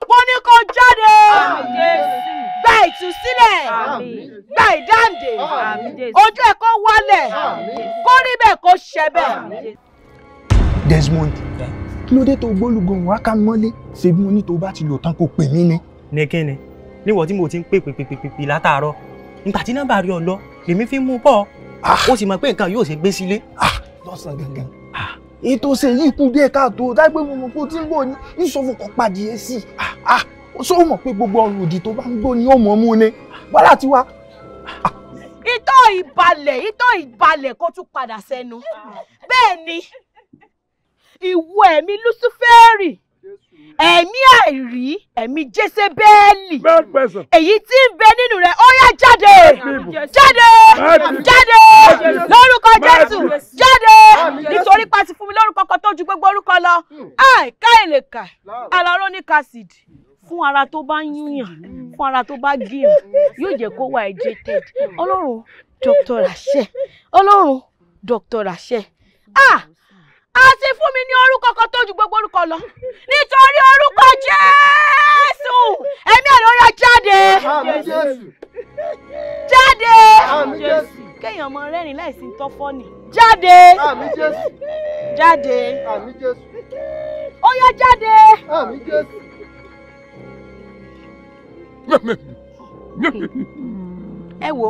mo ní kó jáde gba ìtúsílẹ̀ gba ìdáǹdè ojú ẹ̀ kó wálẹ̀ kó rí bẹ́ẹ̀ kó ṣẹ bẹ́ẹ̀. Desmond kí ló dé tó gbólúgbòhùn wá ká mọ́lé ṣebí mo ní tó bá ti lò tán kó pè mí ni. ní kíni níwọ̀ tí mo ti ń pè pèpèpèpè látàárọ̀ nígbà tí nọ́mbà rí ọ lọ lèmi fi mú bọ́ ọ ah. ó sì mọ̀ pé nǹkan yóò ṣe gbé sílé. Ah, lọ́sàn-án gangan ah ètò ṣe yìí kú dé káàtó dágbé mímu kó tí ń gbò ní ìṣòfòkàn pàdé sí i ah, ṣó ah, mọ̀ pé gbogbo ọrùn òdì tó bá ń gbò ní ọmọ mú ni wàhálà ti wá. ìtọ́ ìbalẹ̀ ìtọ́ ìbalẹ̀ kó tún padà sẹ́nu bẹ́ẹ̀ ni ìwọ ẹ̀mí lúsífẹ́rì ẹ̀mí àìrí ẹ̀mí jésébẹ́ẹ̀lì èyí tí ń bẹ nínú rẹ̀ ó yá jáde jáde jáde lórúkọ jésù jáde nítorí pa ti fún mi lórúkọ kan tó ju gbogbo orúkọ lọ ẹ hmm. káìlè kà alarónìkà acid fún ara tó bá yúnyàn hmm. fún ara tó bá gíyàn yóò jẹ́ kó wà agitated hmm. ọlọ́run dr àṣẹ ọlọ́run dr àṣẹ ah a sì fún mi ní orúkọ kan tó ju gbogbo orúkọ lọ nítorí orúkọ jésù ẹ̀mí ẹ̀ ló yá jáde jáde kéèyàn mọ rẹ́rìn láìsí tọ́fọ́ ni jáde jáde ó yá jáde. ẹ wo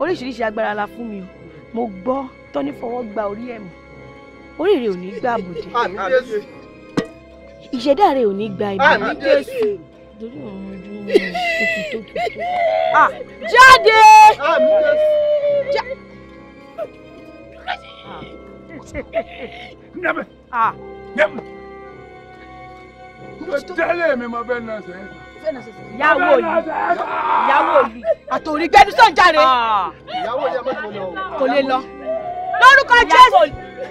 oríṣiríṣi agbára la fún mi o mo gbọ́ tó ní fọwọ́ gba orí ẹ̀ mọ́ orí rẹ ò ní gbà bòde ah, ìṣẹ̀dá rẹ ò ní gba ìbílẹ̀ ah, torí ọ̀run ojú òtútù tuntun. Ah, jáde. tẹ́lẹ̀ mi mo fẹ́ nà sẹ́. yàwó yìí yàwó yìí àtòrí gbẹdúsọ̀ jáde kò lè lọ lórúkọ jésù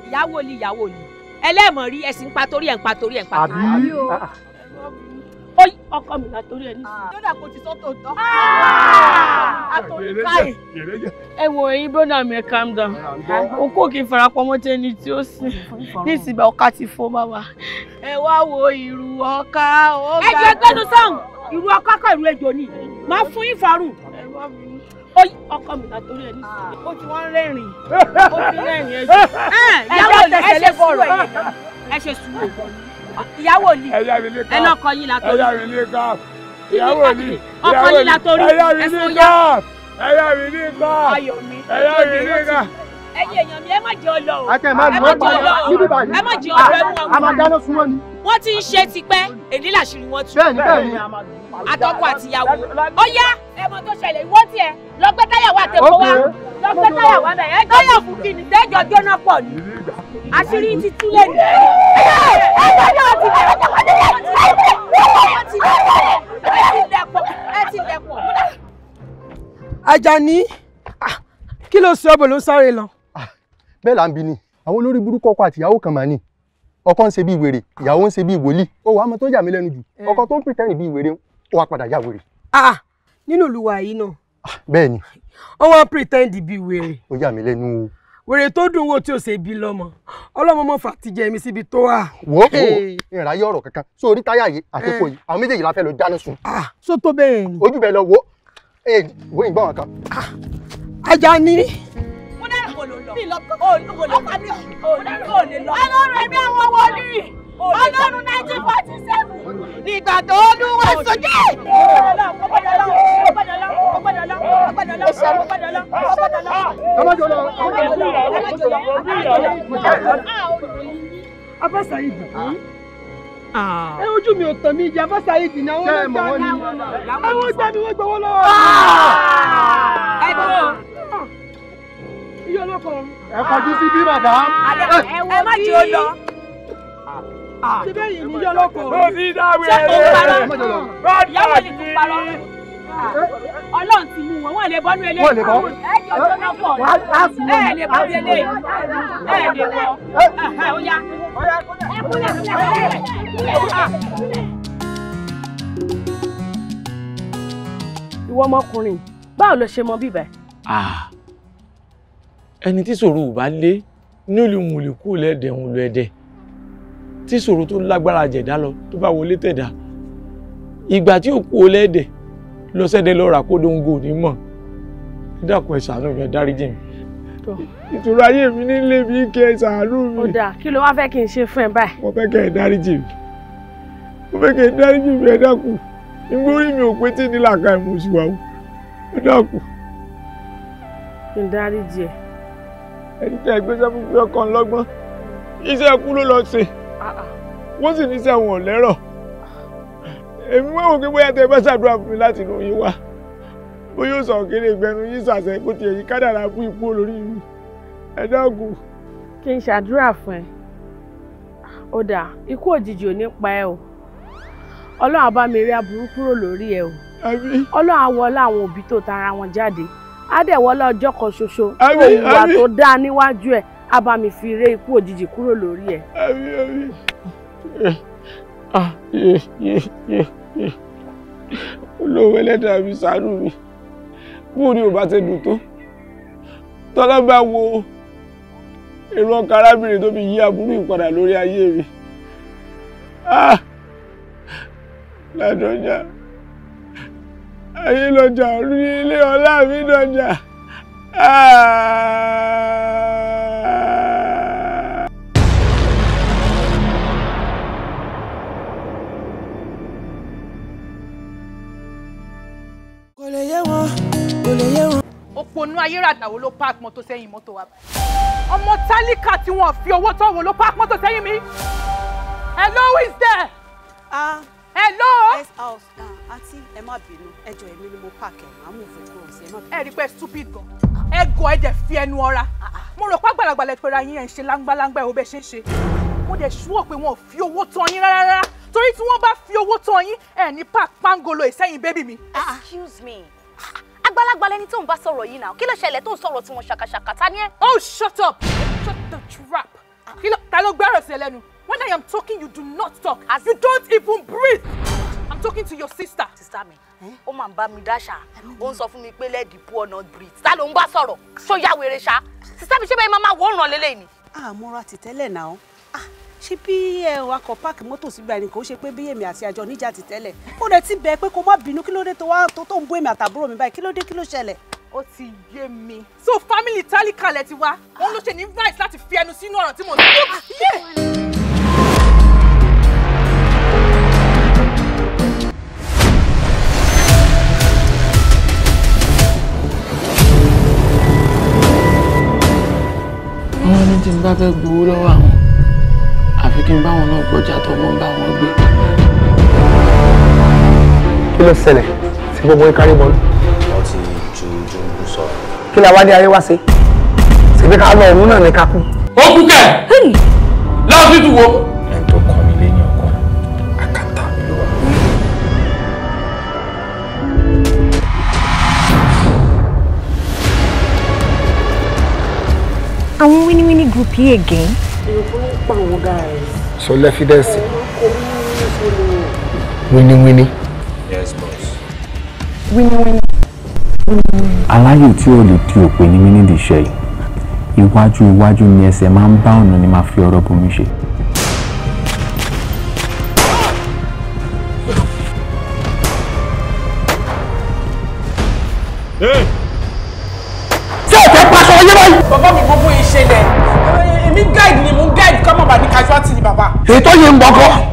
ìyàwó ni ìyàwó ni ẹlẹ́mọ̀ rí ẹ̀sìn pa torí ẹ̀ ń pa torí ẹ̀ ń pa torí ẹ̀ ń pa. oyi ọkọ mi látòrí ẹ ní. Ah. yọ̀dà kò ti sọ tòótọ́. Ah! Ah! àtòríkàì. ẹ wo ẹ̀yin broda mi ẹ calm down òkú òkè ìfarapamọ́ tẹ ni tí ó sìn ní ìsìnbà ọkà ti fọ́ bá wa. ẹ wá wo ìrù ọkà ó ga. ẹ jẹ́ gbẹ́nu sọ̀hún ìrù ọkà kọ̀ ìrù ejò ni màá fún yín farun. ẹ wá mi ó yí ọkọ mi látòrí ẹni sílẹ̀ ah. ó ti wọ́n rẹ́rìn ó ti rẹ́rìn ẹjọ́ ẹ yàwó ni ẹ ṣe sùúrù eh, ẹ̀yẹ ẹ ṣe sùúrù ìyàwó ni ẹ lọ́kọ yín látòrí ẹ̀yà mi ní ká ìyàwó ni ọkọ yín látòrí ẹ̀yà mi ní ká ẹ̀yà mi ní ká ẹ̀yà mi ní ká ẹ̀yin èèyàn mi ẹ má jẹ́ ọlọ o ẹ má jẹ́ ọlọ ẹ má jẹ́ ọlọ ẹmu wọn ti ń ṣe tipẹ́ èdè làṣírí wọn tú. bẹ́ẹ̀ni àtìyàwó ó yá ẹmọ tó ṣẹlẹ̀ ìwọ tiẹ̀ lọ gbé táyà wa lọ gbé táyà wa náà ẹ táyà fún kìnnì tẹjọ jóná pọ̀ ni àṣírí ti tú lé ní. ẹ gbọ́dọ̀ ọtí ẹ gbọ́dọ̀ ọtí ẹ gbọ́dọ̀ ọtí ẹ ti dẹpọ. Àjàní ah, kí ló ṣe ọbọ ló sáré lọ bẹ́ẹ̀ là ń bi ni àwọn olórí burúkú ọkọ àti ìyàwó kan mà ní ọkọ ń ṣe bí wèrè ìyàwó ń ṣe bí wòlíì ó wàá mọ tó yà mí lẹ́nu jù ọkọ tó ń pìtẹ́rì bí wèrè ó wàá padà yà wèrè. ah, ah nínú olùwà yìí náà. Ah, bẹ́ẹ̀ ni. ó wá pretend bí wèrè. ó yà mí lẹ́nu o. wèrè tó dùn wo tí o ṣe bí lọ́mọ ọlọ́mọ mọ́ fàtijẹ́ mi síbi tó wà. wò ó wò ó ìràyè ọ̀rọ̀ kankan so orí táyà yìí àti kò eh. yìí àwọn méjèèjì la fẹ́ lọ dáná sun. ah so tó bẹ́ẹ̀ ni. ojú bẹ́ẹ̀ lọ wo eh, wo ìgbọ́n kan. Ah, ajá ni mi lọ ọkọ mi ò lè lọ. ọlọ́run ẹ̀mí àwọn wọlé ọlọ́run nineteen forty seven nígbà tó olúwa sókè. abasa yìí dùn ẹ ojú mi ò tàn mí ìjà fásitì ayé ìdìnnà wọn ló gbà mí àwọn gbà mí wọn gbà wọn lọ́wọ́. Ah! ẹ dúró iye olóko òun. ẹ kọjú sí bí madam. ẹ má jí o lọ. síbẹ̀ ah, yìí ní iye olóko òun. mo ti dáwé ẹ ṣé kò parọ́ ìyàwó ni kò parọ́ ah, ọlọ́run ti mú wọn wọn lè bọ́nú eléyìí wọn lè bọ́ ẹ jọ tó náà pọ̀ ẹ lè bọ́ eléyìí ẹ lè bọ́ ẹ ó yá ẹ kúlẹ̀ kúlẹ̀ kúlẹ̀. Ah. ìwọ ọmọkùnrin báwo ló ṣe mọ bíbẹ. ah ẹni tí ṣòro ò bá lé nílùú mùlùkù lẹ́ẹ̀dẹ̀ òun lọ ẹ̀dẹ̀ tí ṣòro tó lágbára jẹ̀dá lọ tó bá wọlé tẹ̀dá ìgbà tí òkú olẹ́ẹ̀dẹ̀ lọ sẹ́dẹ̀ lọ́ra kó dóńgò ní mọ̀ dákun ẹ ṣàánú mi ẹ dáríjì mi ìtura ayé mi nílé mi kẹ ẹ ṣàánú mi. ó dáa kí ló wá fẹ́ kí n ṣe fún ẹ báyìí. mo fẹ́ kẹ́ ẹ dáríjì mi mo fẹ́ kẹ́ ẹ dáríjì mi ẹ dákun ìgbórí mi ò pé tí ní làákàyè mo sì wà ó ẹ dákun. kí n dáríjì ẹni tẹ́ gbéṣẹ́ fún pé ọkàn lọ́gbọ́n iṣẹ́ ikú ló lọ ṣe wọ́n sì níṣẹ́ wọn lẹ́rọ̀ èmi mọ̀ wò pé bóyá tẹ́ bá ṣàdúrà fún mi láti inú yín wá bóyá ó sọ̀rọ̀ kéré ìgbẹ́nu yín ṣàṣẹ kó tiẹ̀ yí kádàrá fún ikú olórí mi ẹ dọ́gùn. kí n ṣàdúrà fún ẹ ó dà ikú òjijì ò ní pa ẹ o ọlọ́run á bá mi rí aburú kúrò lórí ẹ o ọlọ́run á wọlé àwọn òbí tó tara wọn jáde adẹ̀wọ́lá ọjọ́ kan ṣoṣo òwúwa tó dáa níwájú ẹ̀ á bá mi fi ré ikú òjijì kúrò lórí ẹ̀. olówó ẹlẹ́dàá mi ṣàánú mi bó ni ò bá ti dùn tó tọ́lá bá wo èrò ọkàn arábìnrin tó fi yí aburú ìpadà lórí ayé mi. Ah! Ládọ́jà. La ayélọ́jà rí ilé ọlá mi dọjà. kò lè yé wọn kò lè yé wọn. òpònú ayérádà wo ló park mọ́tò sẹ́yìn mọ́tò wa báyìí ọmọ tálíkà tí wọ́n fi owó tọ́wọ́ ló park mọ́tò sẹ́yìn mi hello is there. Ah. Uh hello. yes house oh, ah, àti ẹ má bínú ẹjọ èmi ni mo pààkì ẹ máa mú ìfẹ́ kúrò sí ẹ má bínú. ẹ rí pé stupid gan ẹ gọ ẹ dẹ fi ẹnu ọra mo rò pé àgbàlagbà lẹ pera yín ẹ ń ṣe láńgbáláńgbá ẹ ò bẹ ṣe ń ṣe mo dẹ ṣúwọ pé wọn ò fi owó tán yín rárá torí tí wọn bá fi owó tán yín ẹ ní park pangolo ìsẹyìn bébì mi. Ah, ah. excuse me àgbàlagbà lẹni tó ń bá sọ̀rọ̀ yìí náà kí ló ṣẹlẹ̀ tó ń sọ̀rọ̀ tí wọn ṣàkàṣàkà ta ni ẹ. oh shut up shut the trap kí ló ta ló gbẹ́rọ̀ sí ẹ lẹ́nu When I am talking, you do not talk. As you don't even breathe. I'm talking to your sister. Sister me. ó máa ń bá mi dáṣà. Ó ń sọ fún the poor not breathe. Ta ló ń So sọ̀rọ̀? Ṣó yá wèrè ṣá? Sister mi ṣé bẹ́ẹ̀ máa wò ó ràn lélẹ́yìn ni? Àmúra ti tẹ́lẹ̀ náà. Ṣé bí ẹ wakọ̀ páàkì mọ́tò sígbà ni kò ṣe pé bí èmi àti mi níjà ti tẹ́lẹ̀? Ó rẹ̀ ti bẹ̀ pé kó má bínú kí ló dé tó wá tó tó ń bú èmi àtàbúrò mi bai kilo de kilo kí ló ti yé mi. so family tálíkalẹ̀ ti wá wọn ló ṣe ní vice láti fi ẹnu sínú ọ̀ràn tí mo ní. Ah, tí n bá fẹ́ gbowó lọ́wọ́ àwọn àfi kí n bá wọn náà gbọ́jà tó wọ́n bá wọn gbé. kí ló ṣẹlẹ̀ tí gbogbo ẹ kárí bọ́ọ̀lù. wọ́n ti ju jùmọ̀ sọ. kí la wá dé ayé wá sí ṣèbí ká lọ òun náà ní ká kú. ó kú kẹ́ lọ́ọ́ fi tù àwọn winnie winnie group yìí again. so lẹ́fídẹ́sì. winnie winnie. yes boss. winnie winnie. aláyò tí ò lè di òpin ní mí nídìí iṣẹ́ yìí iwájú iwájú ni ẹsẹ̀ máa ń bá ọ̀nà ni máa fi ọ̀rọ̀ bomi ṣe. 报告。